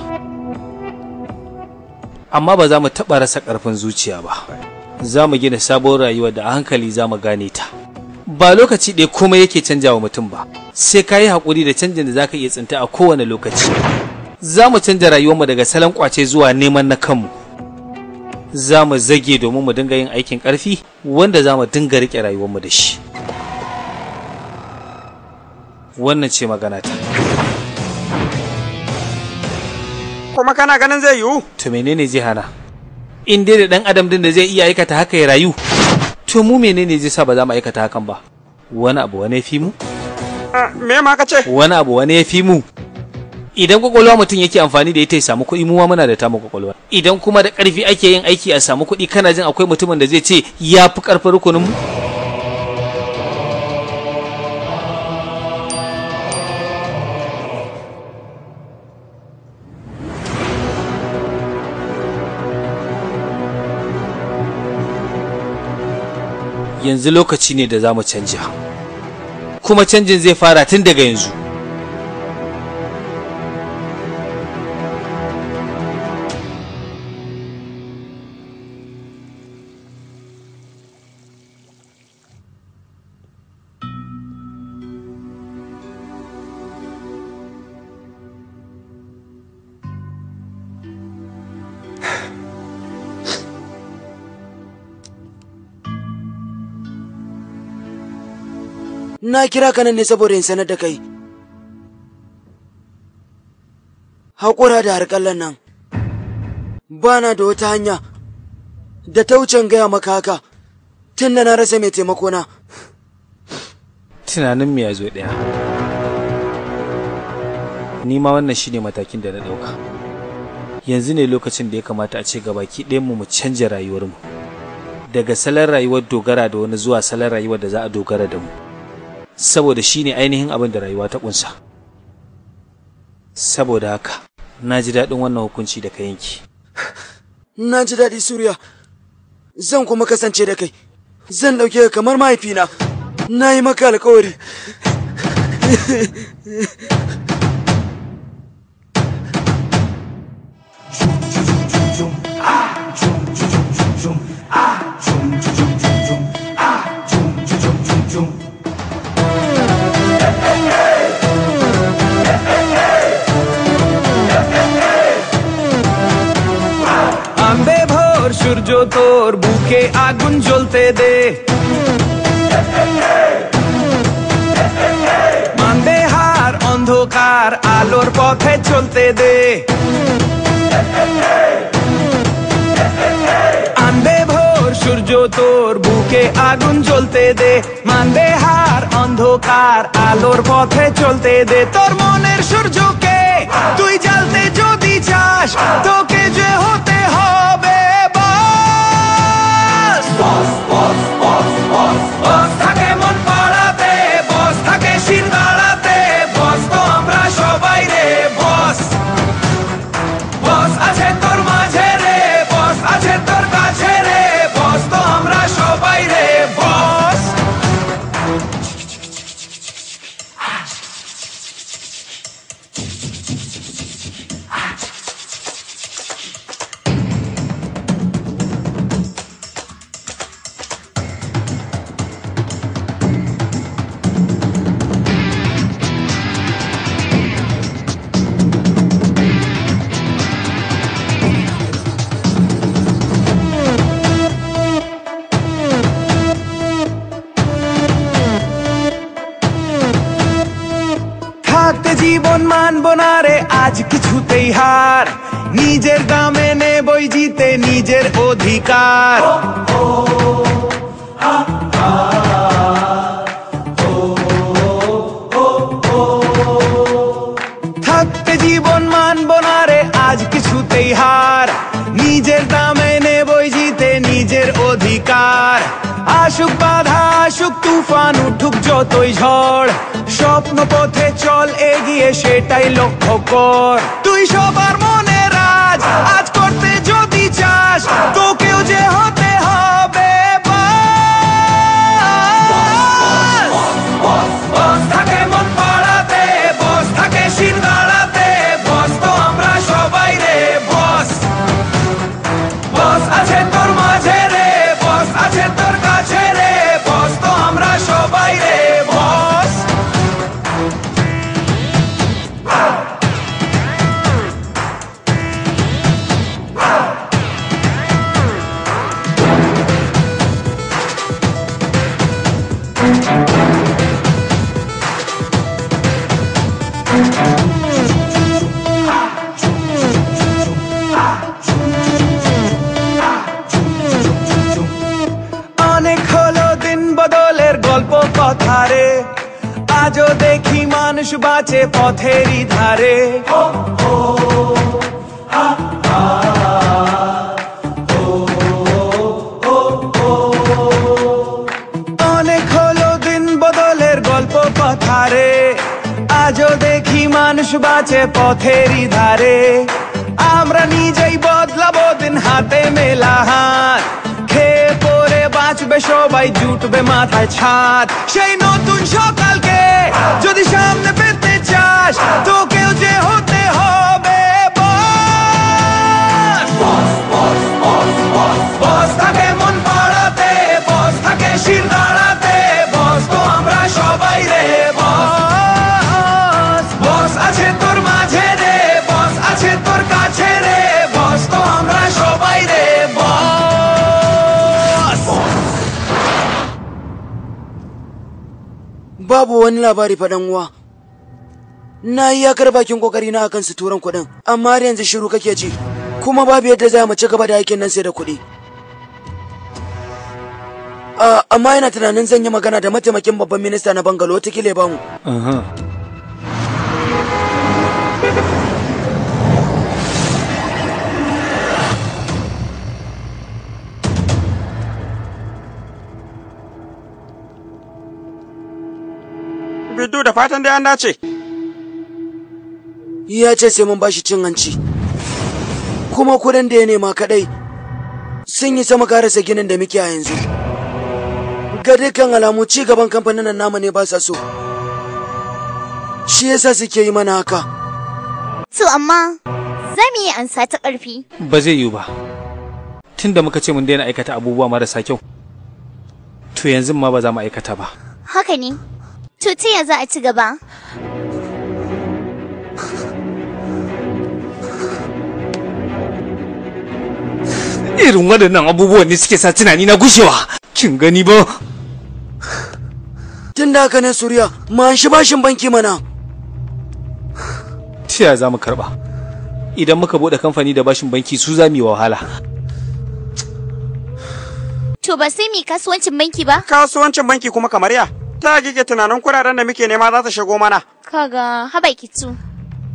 amma ba za mu taɓa rasa ƙarfin zuciya ba za mu gina sabon rayuwa da hankali za mu gane ta ba lokaci ɗaya komai yake canja wa mutum ba sai ka yi hakuri da canjin da za ka iya tsinta a kowane lokaci za mu canja rayuwarmu daga salon ƙwace zuwa neman na kanmu za mu zage domin mu dinga yin aikin ƙarfi wanda za mu dinga riƙe rayuwarmu da shi wannan ce magana ta kuma kana ganin zai yiwu to menene zai hana in dai da dan adam din da zai iya aikata haka ya rayu to mu menene zai sa ba za mu aikata hakan ba wani abu wani ya fi mu ah, me ma ka ce wani abu wani ya fi mu idan kwakwalwa mutum yake amfani da ita ya samu kuɗi ma muna da tamu kwakwalwa idan kuma da ƙarfi ake yin aiki a samu kuɗi kana jin akwai mutumin da zai ce ya fi ƙarfin rukunin mu yanzu lokaci ne da za mu canja kuma canjin zai fara tun daga yanzu na kira ka nan ne saboda in sanar da kai haƙura da harƙallan nan ba na da wata hanya da taucen gaya maka haka tun da na rasa mai taimako na tunanin ya zo ɗaya ni ma wannan shine matakin da na ɗauka yanzu ne lokacin da ya kamata a ce baki ɗayanmu mu canja rayuwarmu daga salon rayuwar dogara da wani zuwa salon rayuwar da za a dogara da mu saboda shi ne ainihin abin da rayuwa ta kunsa saboda haka na ji daɗin wannan hukunci da ka yanki na ji daɗi suriya zan kuma kasance da kai zan ɗauke ka kamar mahaifina na yi maka alkawari সূর্য তোর বুকে আগুন জ্বলতে দে হার অন্ধকার আলোর পথে চলতে দে ভোর সূর্য তোর বুকে আগুন জ্বলতে দে মানবে হার অন্ধকার আলোর পথে চলতে দে তোর মনের সূর্যকে তুই জ্বলতে যদি চাস তোকে যে হতে জিততেই হার নিজের দামে নেবই জিতে নিজের অধিকার থাকতে জীবন মানব না রে আজ কিছুতেই হার নিজের দামে নেবই জিতে নিজের অধিকার আসুক বাধা আসুক তুফান উঠুক যতই ঝড় স্বপ্ন পথে চল সেটাই লক্ষ্য কর তুই সবার মনে রাজ আজ করতে যদি চাস তোকেও যে হতে বাঁচে পথেরই ধারে অনেক হলো দিন বদলের গল্প পথারে আজও দেখি মানুষ বাঁচে পথেরই ধারে আমরা নিজেই বদলাবো দিন হাতে মেলা হাত খেয়ে পরে বাঁচবে সবাই জুটবে মাথায় ছাদ সেই নতুন সকালকে যদি সামনে দাস তোকেও যে হতে হবে বস থাকে মন পাড়াতে বস থাকে শির দাঁড়াতে বস তো আমরা সবাই রে বস বস আছে তোর মাঝে রে বস আছে তোর কাছে রে বস তো আমরা সবাই রে বস babu wani labari faɗan na yi yakar bakin kokari na akan suturan kuɗin amma har yanzu shiru kake ji kuma babu yadda za mu ci gaba da aikin nan sai da kuɗi amma yana tunanin zan yi magana da mataimakin babban minista na bangalo ta kile bamu Bidu da fatan da an dace. ya ce sai mun ba shi cin hanci kuma kudin da ya nema kadai sun yi sama karasa ginin da muke a yanzu ga dukkan alamu ci gaban kamfanin nan namu ne ba sa so shi yasa suke yi mana haka to amma za yi ansa ta karfi ba zai yiwu ba tun da muka ce mun daina aikata abubuwa marasa kyau to yanzu ma ba za mu aikata ba haka ne to ta za a ci gaba irin waɗannan abubuwan ne suke sa tunani na gushewa kin gani ba tun da haka ne suriya ma shi bashin banki mana tiya za mu karɓa idan muka bude kamfani da bashin banki su za mu yi wahala to ba sai mu kasuwancin banki ba kasuwancin banki kuma kamar ya ta gige tunanin kuraren da muke nema za ta shigo mana kaga habai kitu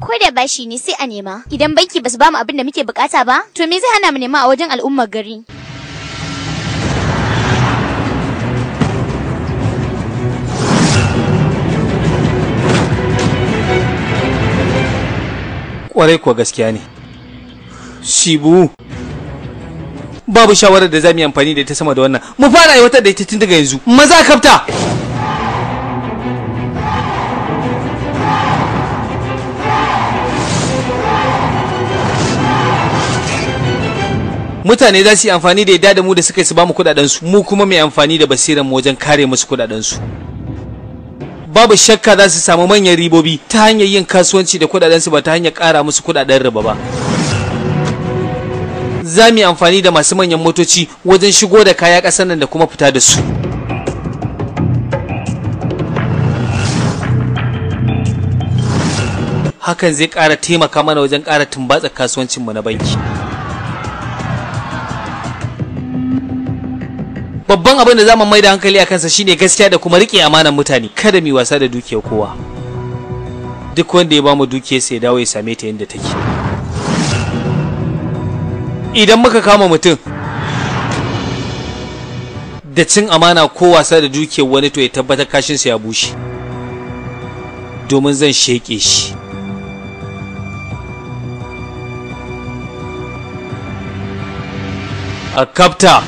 ko da bashi ne sai a nema idan banki basu mu abin da muke bukata ba to me zai hana mu nema a wajen al'ummar gari kwarai kuwa gaskiya ne shibu babu shawarar da za mu yi amfani da ita sama da wannan mu fara aiwatar da ita tun daga yanzu maza kafta mutane za su yi amfani da yadda da mu da suka su bamu kudadensu mu kuma mai amfani da basiran mu wajen kare musu su babu shakka za su samu manyan ribobi ta hanyar yin kasuwanci da kuɗaɗensu ba ta hanyar kara musu kudaden riba ba za mu yi amfani da masu manyan motoci wajen shigo da kaya ƙasar nan da kuma fita da su hakan zai ƙara taimaka mana wajen ƙara tumbatsa kasuwancinmu na banki abin da zamu maida hankali a kansa shine gaskiya da kuma rike amanan mutane kada mu wasa da dukiyar kowa duk wanda ya bamu dukiyar sai dawo ya same ta yadda take idan muka kama mutum da cin amana ko wasa da dukiyar wani to ya tabbatar kashin sa ya bushe domin zan sheƙe shi a kapta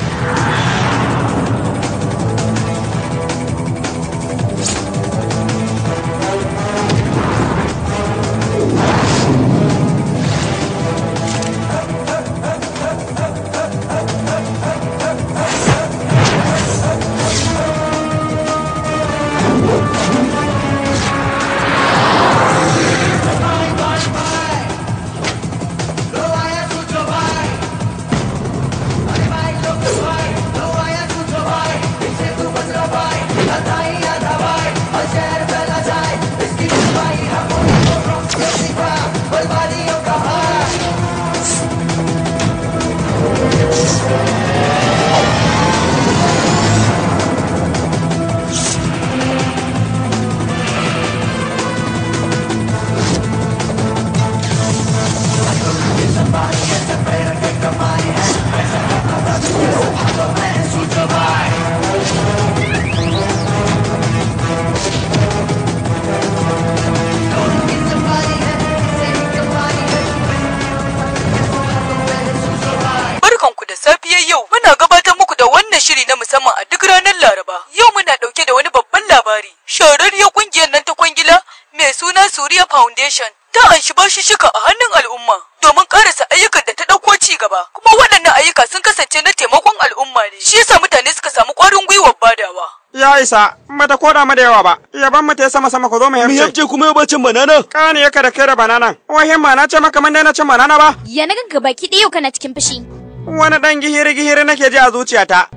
isa bata koda ma da yawa ba yaban mu ta sama sama ko zo mu ce. mu ce kuma yau cin banana kane yaka da kai da banana wahin ma na ce maka man na cin banana ba ya na gabaki baki ɗaya kana cikin fushi wani dan gihiri gihiri nake ji a zuciyata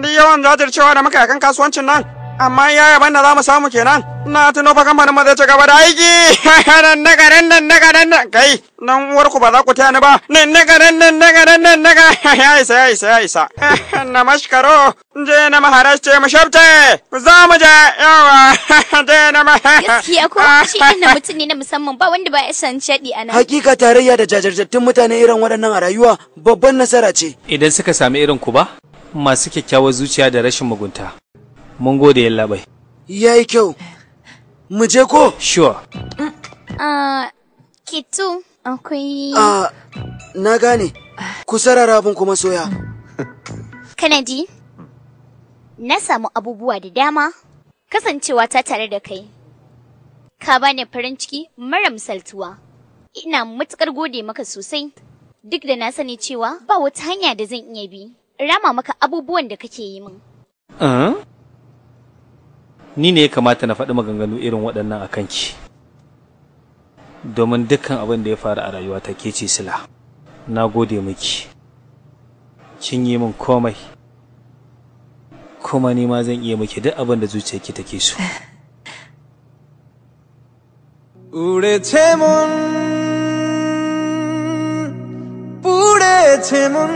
ni yawan jajircewa da muka yakan kasuwancin nan amma ya yaban da za mu samu kenan na tuno fa kamar ma zai ci gaba da aiki nan na nan nan na nan nan kai nan uwarku ba za ku taya ni ba nan na nan nan na nan nan na ya isa ya isa ya isa na mashkaro je na maharasce mu shabte za mu je yawa je na ma gaskiya ko shi ina mutum ne na musamman ba wanda ba ya san shaɗi a nan hakika tarayya da jajirtattun mutane irin waɗannan a rayuwa babban nasara ce idan suka sami irin ku ba masu kyakkyawar zuciya da rashin mugunta mun gode yalla bai yayi kyau mu je ko sure ah kitu akwai ah na gane ku sarara kuma soya Kanadi, na samu abubuwa da dama kasancewa ta tare da kai ka bani farin ciki mara misaltuwa ina matukar gode maka sosai duk da na sani cewa ba wata hanya da zan iya bi rama maka abubuwan da kake yi min. ni ne ya kamata na faɗi maganganu irin waɗannan a kanki domin dukkan abin da ya faru a rayuwa ta ke ce sila na gode miki kin yi min komai kuma ni ma zan iya miki duk abin da zuciyarki take so mun, ure mun.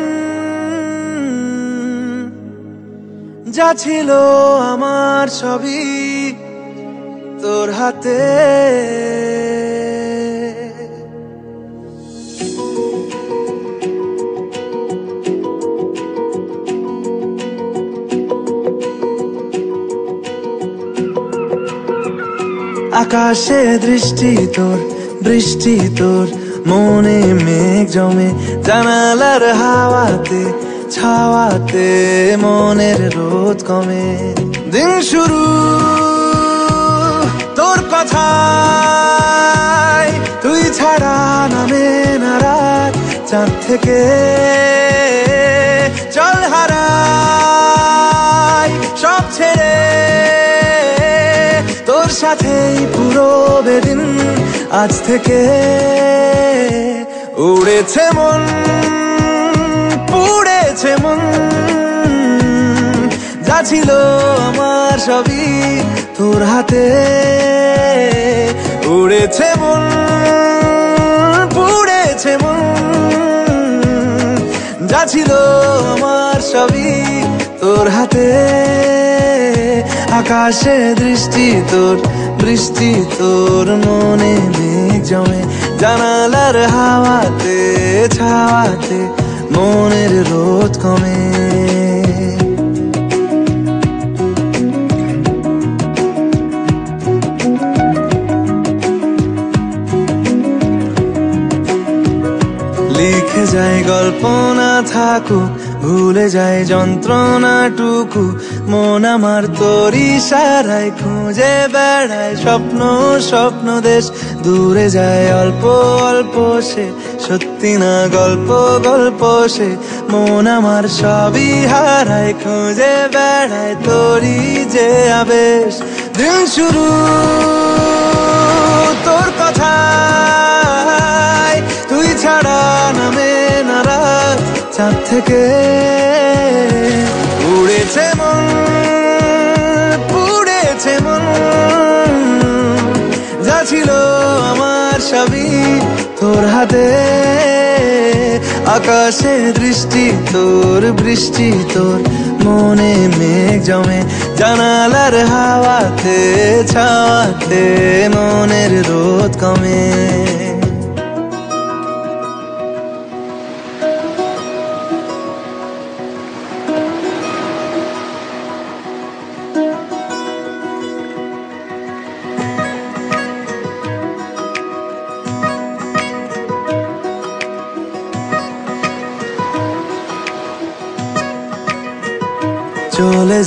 যা ছিল আমার ছবি তোর হাতে আকাশে দৃষ্টি তোর বৃষ্টি তোর মনে মেঘ জমে জানালার হাওয়াতে ছাওয়াতে মনের রোদ কমে দিন শুরু তোর কথা তুই ছাড়া নামে নারাজ চাঁদ থেকে চল হারাই সব ছেড়ে তোর সাথেই পুরো বেদিন আজ থেকে উড়েছে মন আছে মন যা ছিল আমার সবই তোর হাতে উড়েছে মন পুড়েছে মন যা ছিল আমার সবই তোর হাতে আকাশে দৃষ্টি তোর বৃষ্টি তোর মনে জমে জানালার হাওয়াতে ছাওয়াতে মনের রোদ কমে লিখে যায় গল্প না থাকুক ভুলে যন্ত্রণা টুকু মন আমার তরি সারায় খুঁজে বেড়ায় স্বপ্ন স্বপ্ন দেশ দূরে যায় অল্প অল্প সে সত্যি না গল্প গল্প সে মন আমার সবই হারায় খুঁজে বেড়ায় তোরই যে আবেশ দিন শুরু তোর কথা তুই ছাড়া নামে নারা চাঁদ থেকে উড়েছে মন পুড়েছে মন ছিল আমার সবই তোর হাতে আকাশে দৃষ্টি তোর বৃষ্টি তোর মনে মেঘ জমে জানালার হাওয়াতে ছাওয়াতে মনের রোদ কমে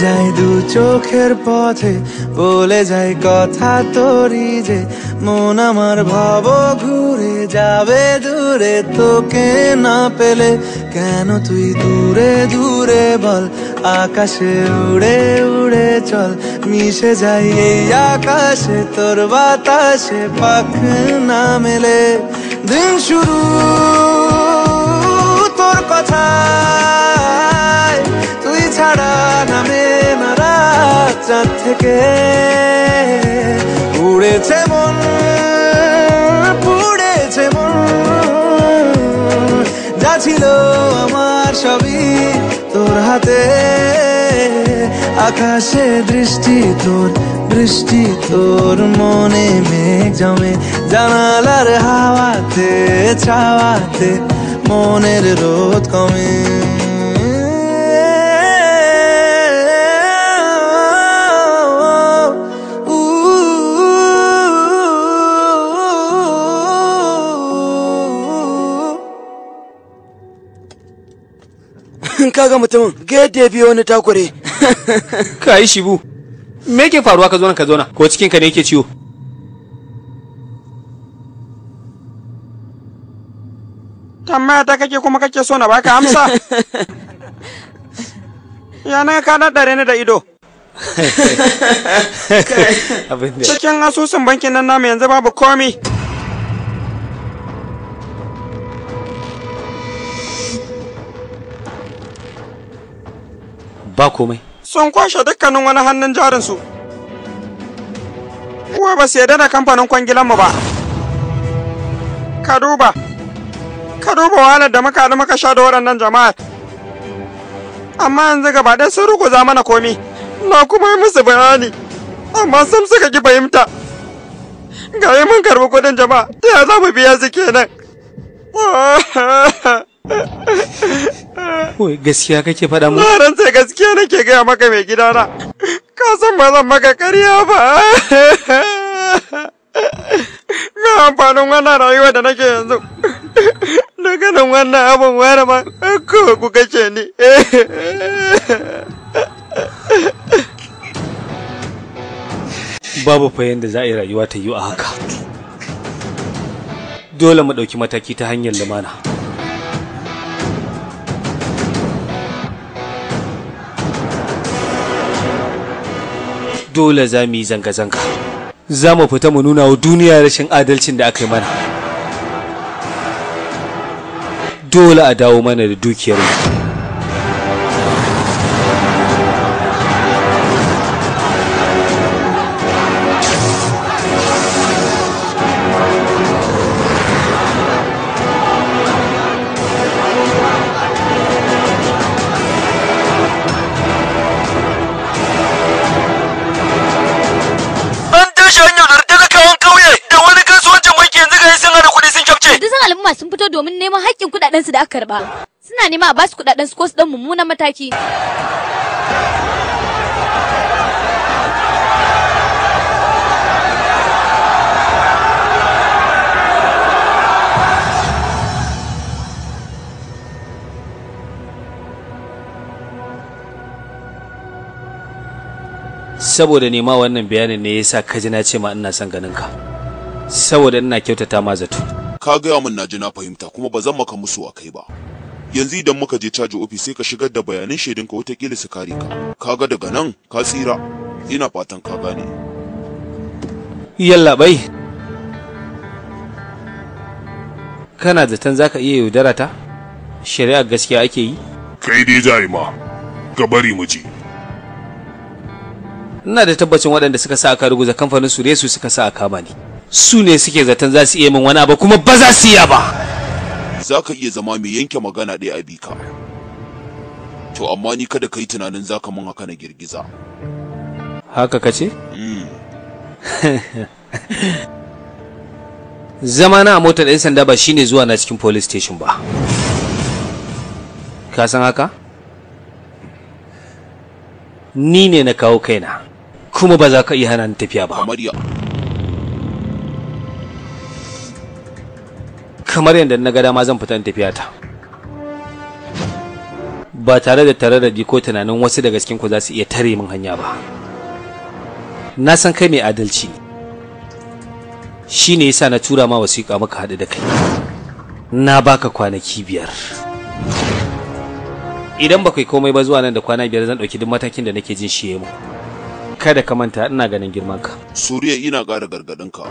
যাই দু চোখের পথে বলে যায় কথা তোরি যে মন আমার ভাব ঘুরে যাবে দূরে তোকে না পেলে কেন তুই দূরে দূরে বল আকাশে উড়ে উড়ে চল মিশে যাই এই আকাশে তোর বাতাসে পাখ না মেলে দিন শুরু তোর কথা ছাড়া নামে না চাঁদ থেকে উড়েছে মন পুড়েছে মন যা ছিল আমার সবই তোর হাতে আকাশে দৃষ্টি তোর বৃষ্টি তোর মনে মেঘ জমে জানালার হাওয়াতে ছাওয়াতে মনের রোধ কমে in kaga mutumin ga yadda ya biyo wani takure ka yi shibu me yake faruwa ka zo nan ka zo ko cikin ka ne yake ciwo tambaya ta kake kuma kake so na baka amsa ya na ka daddare ni da ido cikin asusun bankin nan namu yanzu babu komi ba komai sun kwashe dukkanin wani hannun jarinsu kuwa ba su ya na kamfanin kwangilanmu ba ka duba ka duba wahalar da muka da muka sha da waɗannan jama'ar amma yanzu gaba ɗaya sun ruguza mana komi na kuma yi musu bayani amma sun suka ki fahimta ga yi mun karɓi kuɗin jama'a ta ya za mu biya su kenan Wai gaskiya kake faɗa mu? Laran sai gaskiya nake gaya maka mai gidana. Ka san ba zan maka ƙarya ba. na amfanin wannan rayuwa da nake yanzu? Daga nan wannan abin ware ma ko ku kace ni. Babu fa yanda za a yi rayuwa ta yi a haka. Dole mu ɗauki mataki ta hanyar lumana. dole za mu yi zanga-zanga za mu fita mu nuna wa duniya rashin adalcin da aka yi mana dole a dawo mana da dukiyarmu su da aka karba Suna nema a ba su kuɗaɗensu ko su dan mummunan mataki. saboda nema wannan bayanin ne yasa ka kaji na ce ma ina son ganin ka saboda ina kyautata ma zato ka gaya min na ji na fahimta kuma ba zan maka musu a kai ba yanzu idan muka je caji ofis sai ka shigar da bayanan shaidinka watakila su kare ka kaga daga nan ka tsira ina fatan ka gane yalla bai kana zaton zaka iya yaudara ta shari'a gaskiya ake yi kai dai jarima ka bari mu je ina da tabbacin waɗanda suka sa aka ruguza kamfanin su su suka sa a kama ni su ne suke zaton za su iya min wani abu kuma ba za su iya ba za ka iya zama mai yanke magana ɗaya a bika to amma ni kada ka yi tunanin za ka mun haka na girgiza haka ka ce? Hmm. zama na a motar ɗin sanda ba shine zuwa na cikin police station ba ka san haka? ni ne na kawo kaina kuma ba za ka iya hana ni tafiya ba. kamar yadda na ga dama zan fita tafiya ta ba tare da da ko tunanin wasu daga cikin ku za su iya tare min hanya ba na san kai mai adalci shi ne yasa na tura ma wasiƙa muka haɗu da kai na baka kwanaki biyar idan ba kai komai ba zuwa nan da kwana biyar zan ɗauki duk matakin da nake jin shiye mu kada ka manta ina ganin girman ka suriya ina ƙara gargaɗin ka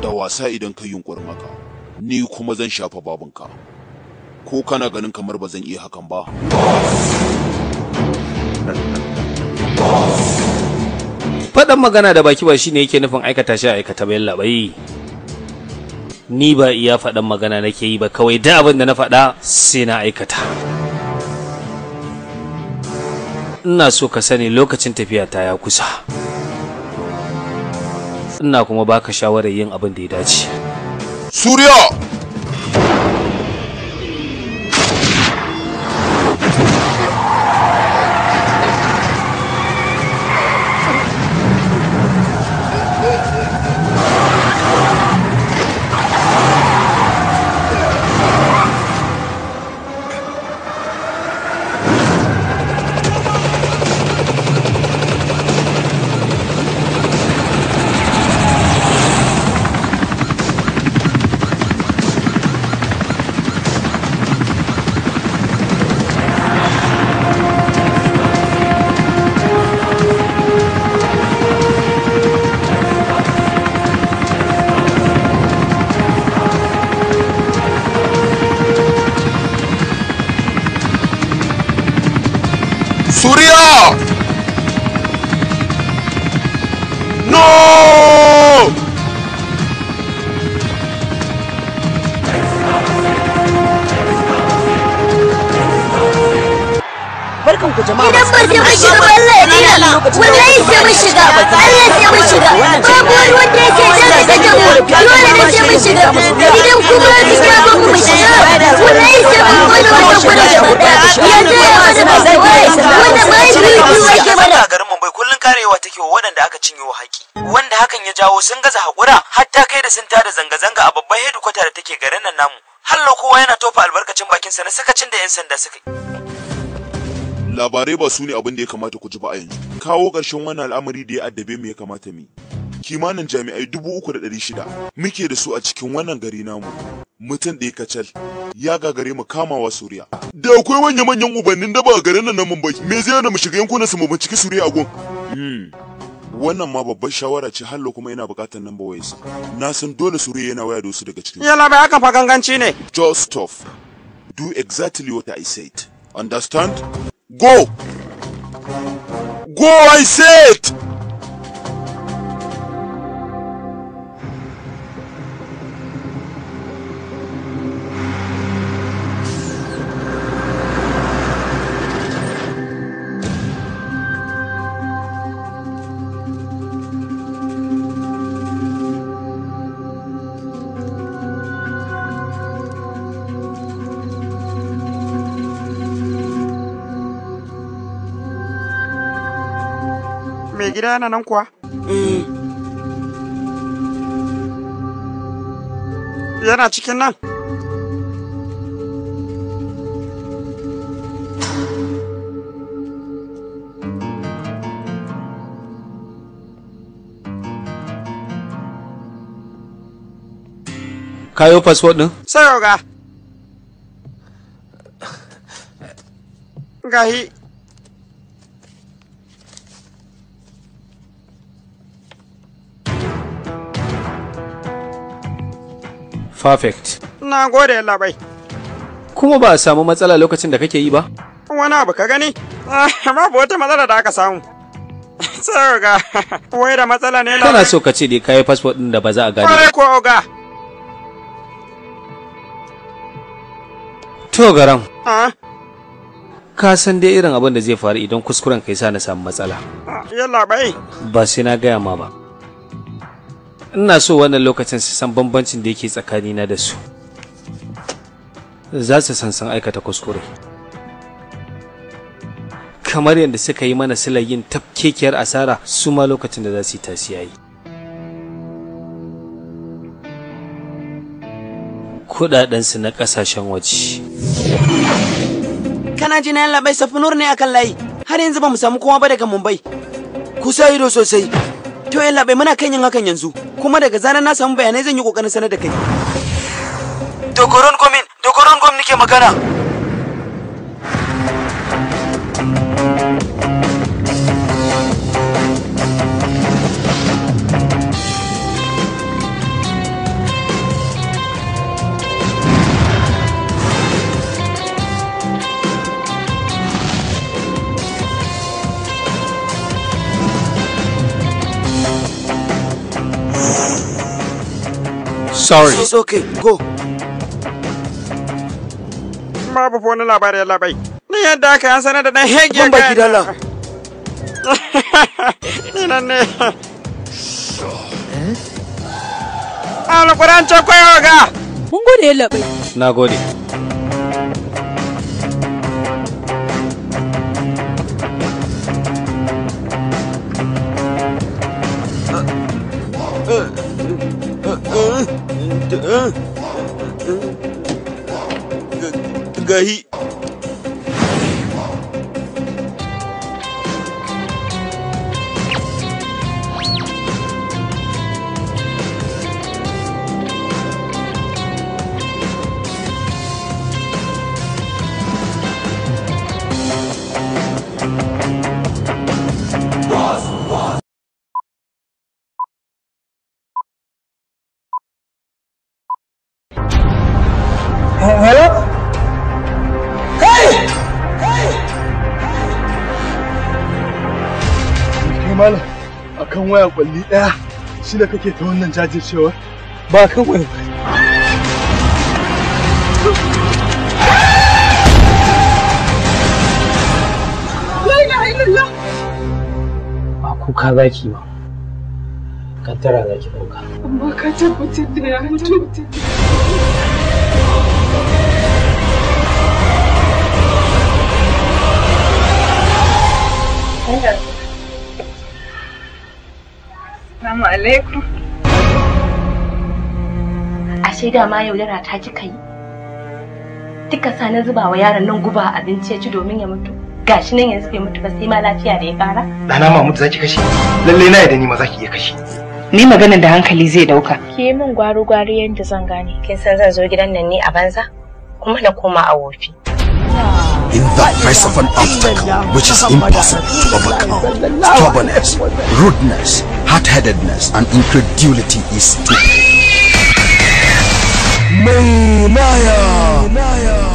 da wasa idan ka yunƙur maka ni kuma zan shafa babanka ko kana ganin kamar ba zan iya hakan ba faɗan magana da baki ba shine yake nufin aikata shi aikata bayan labai ni ba iya faɗan magana nake yi ba kawai da abin da na faɗa sai na aikata ina so ka sani lokacin tafiya ta ya kusa ina kuma baka shawarar yin abin da ya dace 수려 sanda suka yi labarai ba su ne abin da ya kamata ku ji ba a yanzu kawo ƙarshen wannan al'amari da ya addabe mu ya kamata mu kimanin jami'ai dubu uku da ɗari shida muke da su a cikin wannan gari namu mutum ɗaya kacal ya gagare mu kamawa suriya da akwai manya manyan ubannin da ba garin nan na mumbai me zai yana mu shiga yankunan su mu binciki suriya a gun hmm, wannan ma babbar shawara ce hallo kuma yana buƙatar namba wayarsa na san dole suriya yana waya da wasu daga cikin yalla ba aka fa ganganci ne just stop Do exactly what I said. Understand? Go! Go, I said! gida yana nan kuwa? Eh. Yana cikin nan? Kayo fasfot ɗin? Sai ga. Gahi. perfect na gode Allah bai. kuma ba a samu matsala lokacin da kake yi ba wani abu ka gani Amma ah, ba wata matsala da aka samu sai ga wai da matsala ne kana so ka ce dai kai passport din da ba za a gane ba ko ga to garan ka san dai irin abin da zai faru idan kuskuren kai sa na samu matsala yalla bai ba sai na gaya ma ba ina so wannan lokacin su san bambancin da yake tsakanina da su za su san san aikata kuskure kamar yadda suka yi mana silar yin tafkekiyar asara su ma lokacin da za su yi tasiya yi kudadensu na kasashen waje kana ji na yan labai safinur ne akan layi har yanzu ba mu samu kowa ba daga mumbai kusa ido sosai To yalla bai muna kan yin hakan yanzu kuma daga zanen na samu bayanai zan yi kokarin sanar da kai. Dogoron gomin, dogoron gom nake magana. sorry. It's okay, go. Ma Babu wani labari ya labai. Ni yadda aka yi sanar da dan hege ga. Ban gida la. Ni nan ne. Eh? Alƙuran ce koyo ga. Mun gode ya labai. Na gode. waya kwalli ɗaya shi da kake ta wannan jajircewar ba kan waya ba ba kuka zaki ba kantara zaki ɗauka amma ka tabbatar da ya mutu Assalamu alaikum. Ashe da ma yaudara ta kika yi. Duka sa na zuba wa yaron nan guba abinci ya ci domin ya mutu. Gashi nan yanzu bai mutu ba sai ma lafiya da ya kara. Dana ma mutu zaki kashe. Lalle na yadda ni ma zaki iya kashe. Ni maganin da hankali zai dauka. Ki yi min gwaro gwaro yadda zan gane. Kin san zan zo gidan nan ne a banza kuma na koma a wofi. in the face of an obstacle which is impossible to overcome. Stubbornness, rudeness, hard-headedness and incredulity is stupid.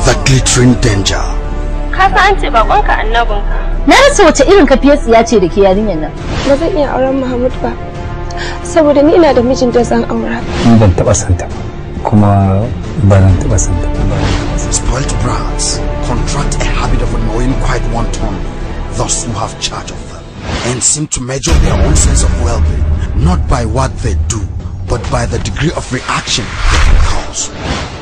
The glittering danger. Ka san an ce bakonka Na rasa wace irin kafiyar tsiya ce da ke yarinyar nan. Ba zan iya auren Muhammad ba. Saboda ni ina da mijin da zan aura. Ni ban taba santa ba. Kuma ba zan taba santa ba. Spoiled brats contract a habit of annoying quite wantonly. Thus you have charge of and seem to measure their own sense of well-being not by what they do, but by the degree of reaction they can cause.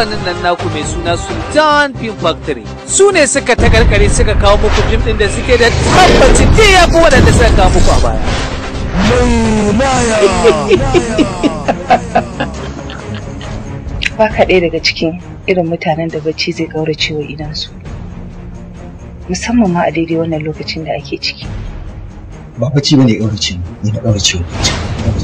kamfanin nan naku mai suna Sultan Film Factory. Su ne suka takarkare suka kawo muku fim ɗin da suke da tabbaci ke ya fi waɗanda suka kawo muku a baya. Ba ɗaya daga cikin irin mutanen da bacci zai ƙaura wa idansu. Musamman ma a daidai wannan lokacin da ake ciki. Ba bacci ba ne cewa ni na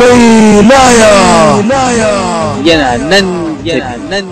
mai laya yana nan yana nan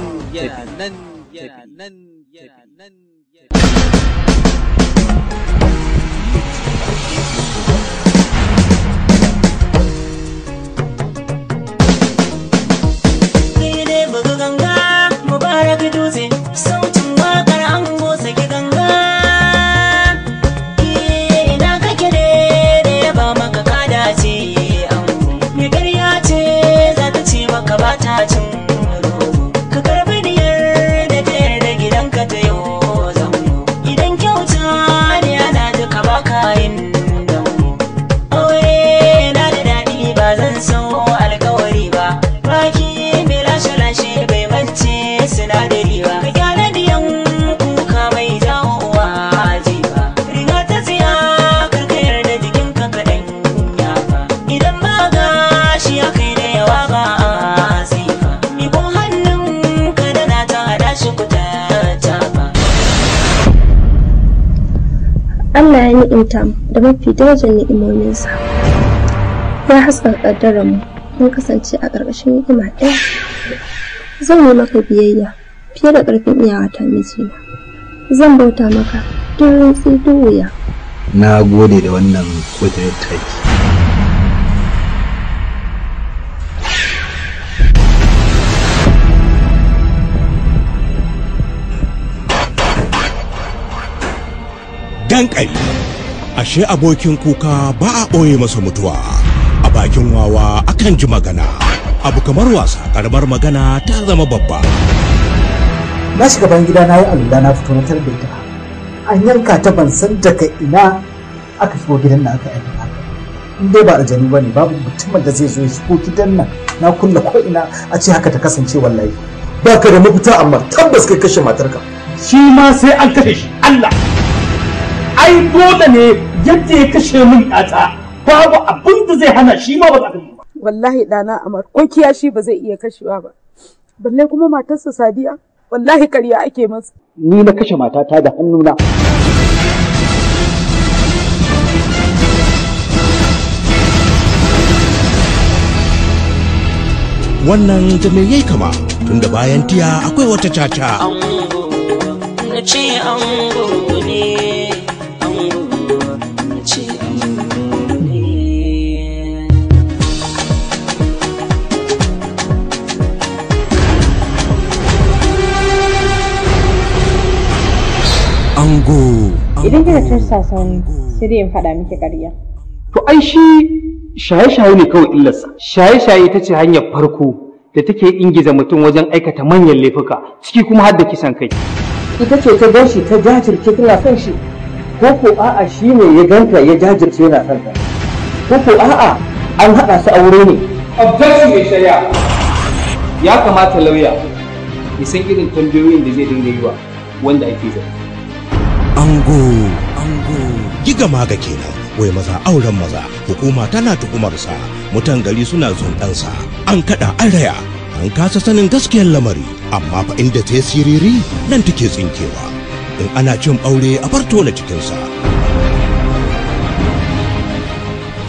azurta da mafi darajar ni'imominsa ya haska kaddarar mu mun kasance a ƙarƙashin hikima ɗaya zan yi maka biyayya fiye da ƙarfin iyawata mijina zan bauta maka duk rantsi duk na gode da wannan ƙudurin taki dankali ashe abokin kuka ba a ɓoye masa mutuwa a bakin wawa akan ji magana abu kamar wasa karamar magana ta zama babba na shiga ban gida na yi alula na fito na tarbe ta an yanka ta ban san daga ina aka shigo gidan na aka yanka haka in dai ba aljanu ba ne babu mutumin da zai zo ya shigo gidan nan na kulle ko ina a ce haka ta kasance wallahi ka da mafita amma tabbas kai kashe matarka shi ma sai an kashe shi Allah ai dole ne yadda ya kashe min ɗata babu abin da zai hana shi ma ba za yi ba. Wallahi ɗana Amar ko kiyashi ba zai iya kashewa ba. Balle kuma matarsa Sadiya wallahi karya ake masa. Ni na kashe matata da hannuna. Wannan ta me yai kama tunda bayan tiya akwai wata caca. Ango, na ce ango. Ango. Idan kina cin sasan sai dai in faɗa miki ƙarya. To ai shi shaye-shaye ne kawai illarsa. Shaye-shaye ita ce hanyar farko da take ingiza mutum wajen aikata manyan laifuka, ciki kuma har da kisan kai. Ita ce ta gashi ta jajirce tana son shi, ko ko a'a shi ne ya ganta ya jajirce yana son ta. Ko ko a'a an haɗa su a aure ne. Objection mai shari'a. Ya kamata lauya ya irin tambayoyin da zai dinga yi wa wanda ake zargi. ango ango giga maga kenan wai maza auren maza hukuma tana sa mutan gari suna sa an kada an raya an kasa sanin gaskiyar lamari amma fa inda ta siriri nan take tsinkewa in ana cin aure a farto na cikin sa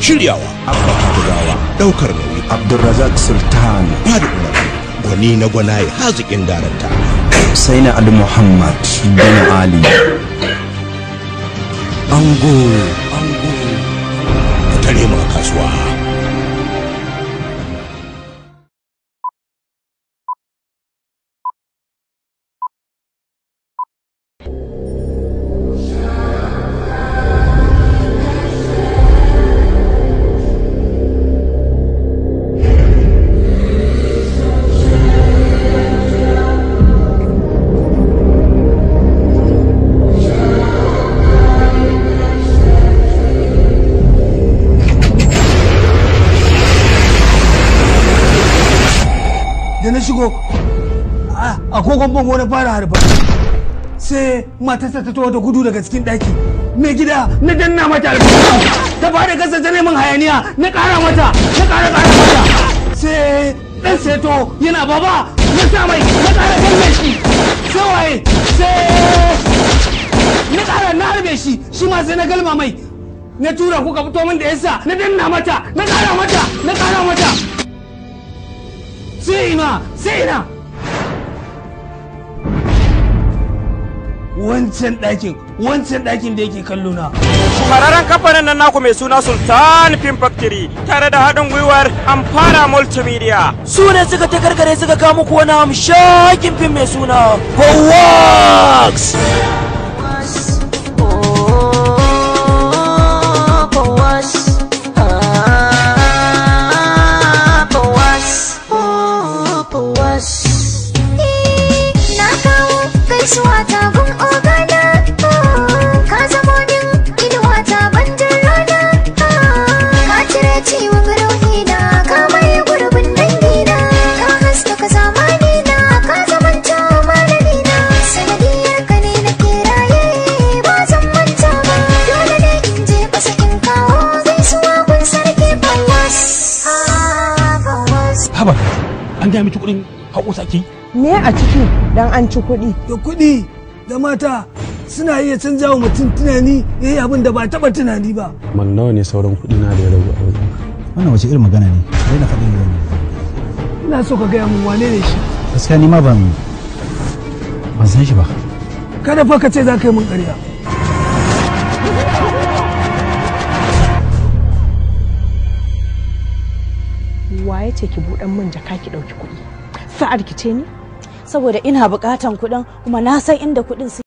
shiryawa abba daukar nauyi abdulrazak sultan fadi umarni gwani na gwanaye hazikin daranta sai na ali muhammad bin ali ango tare mu a kasuwa bambam wani fara harba sai matarsa ta taho da gudu daga cikin ɗaki mai gida na danna mata albarka ta fara gasa ta neman hayaniya na ƙara mata na ƙara ƙara mata sai ɗan seto yana baba na sa mai na ƙara danna shi sai waye sai na ƙara na harbe shi shi ma sai na galma mai na tura ka fito min da yasa na danna mata na ƙara mata na ƙara mata sai ina sai ina wancan ɗakin wancan ɗakin da yake kallo na. Shahararren kamfanin nan naku mai suna Sultan Film Factory tare da haɗin gwiwar Amfana Multimedia. Su ne suka takarkare suka kamo muku wani amshakin fim mai suna Bowax. an gaya miki kuɗin haƙo sake me a ciki dan an ci kuɗi da kuɗi da mata suna iya canza wa mutum tunani yayi abin da ba taɓa tunani ba man nawa ne sauran kuɗi na da ya ragu a wajen wannan wace irin magana ne na faɗin yau ina so ka gaya min wane ne shi gaskiya ni ma ban ban san shi ba kada fa ka ce za ka yi min ƙarya ce ki buɗan min jaka ki ɗauki kuɗi sa'ar ki ce ni saboda ina buƙatan kuɗin kuma na san inda kuɗin su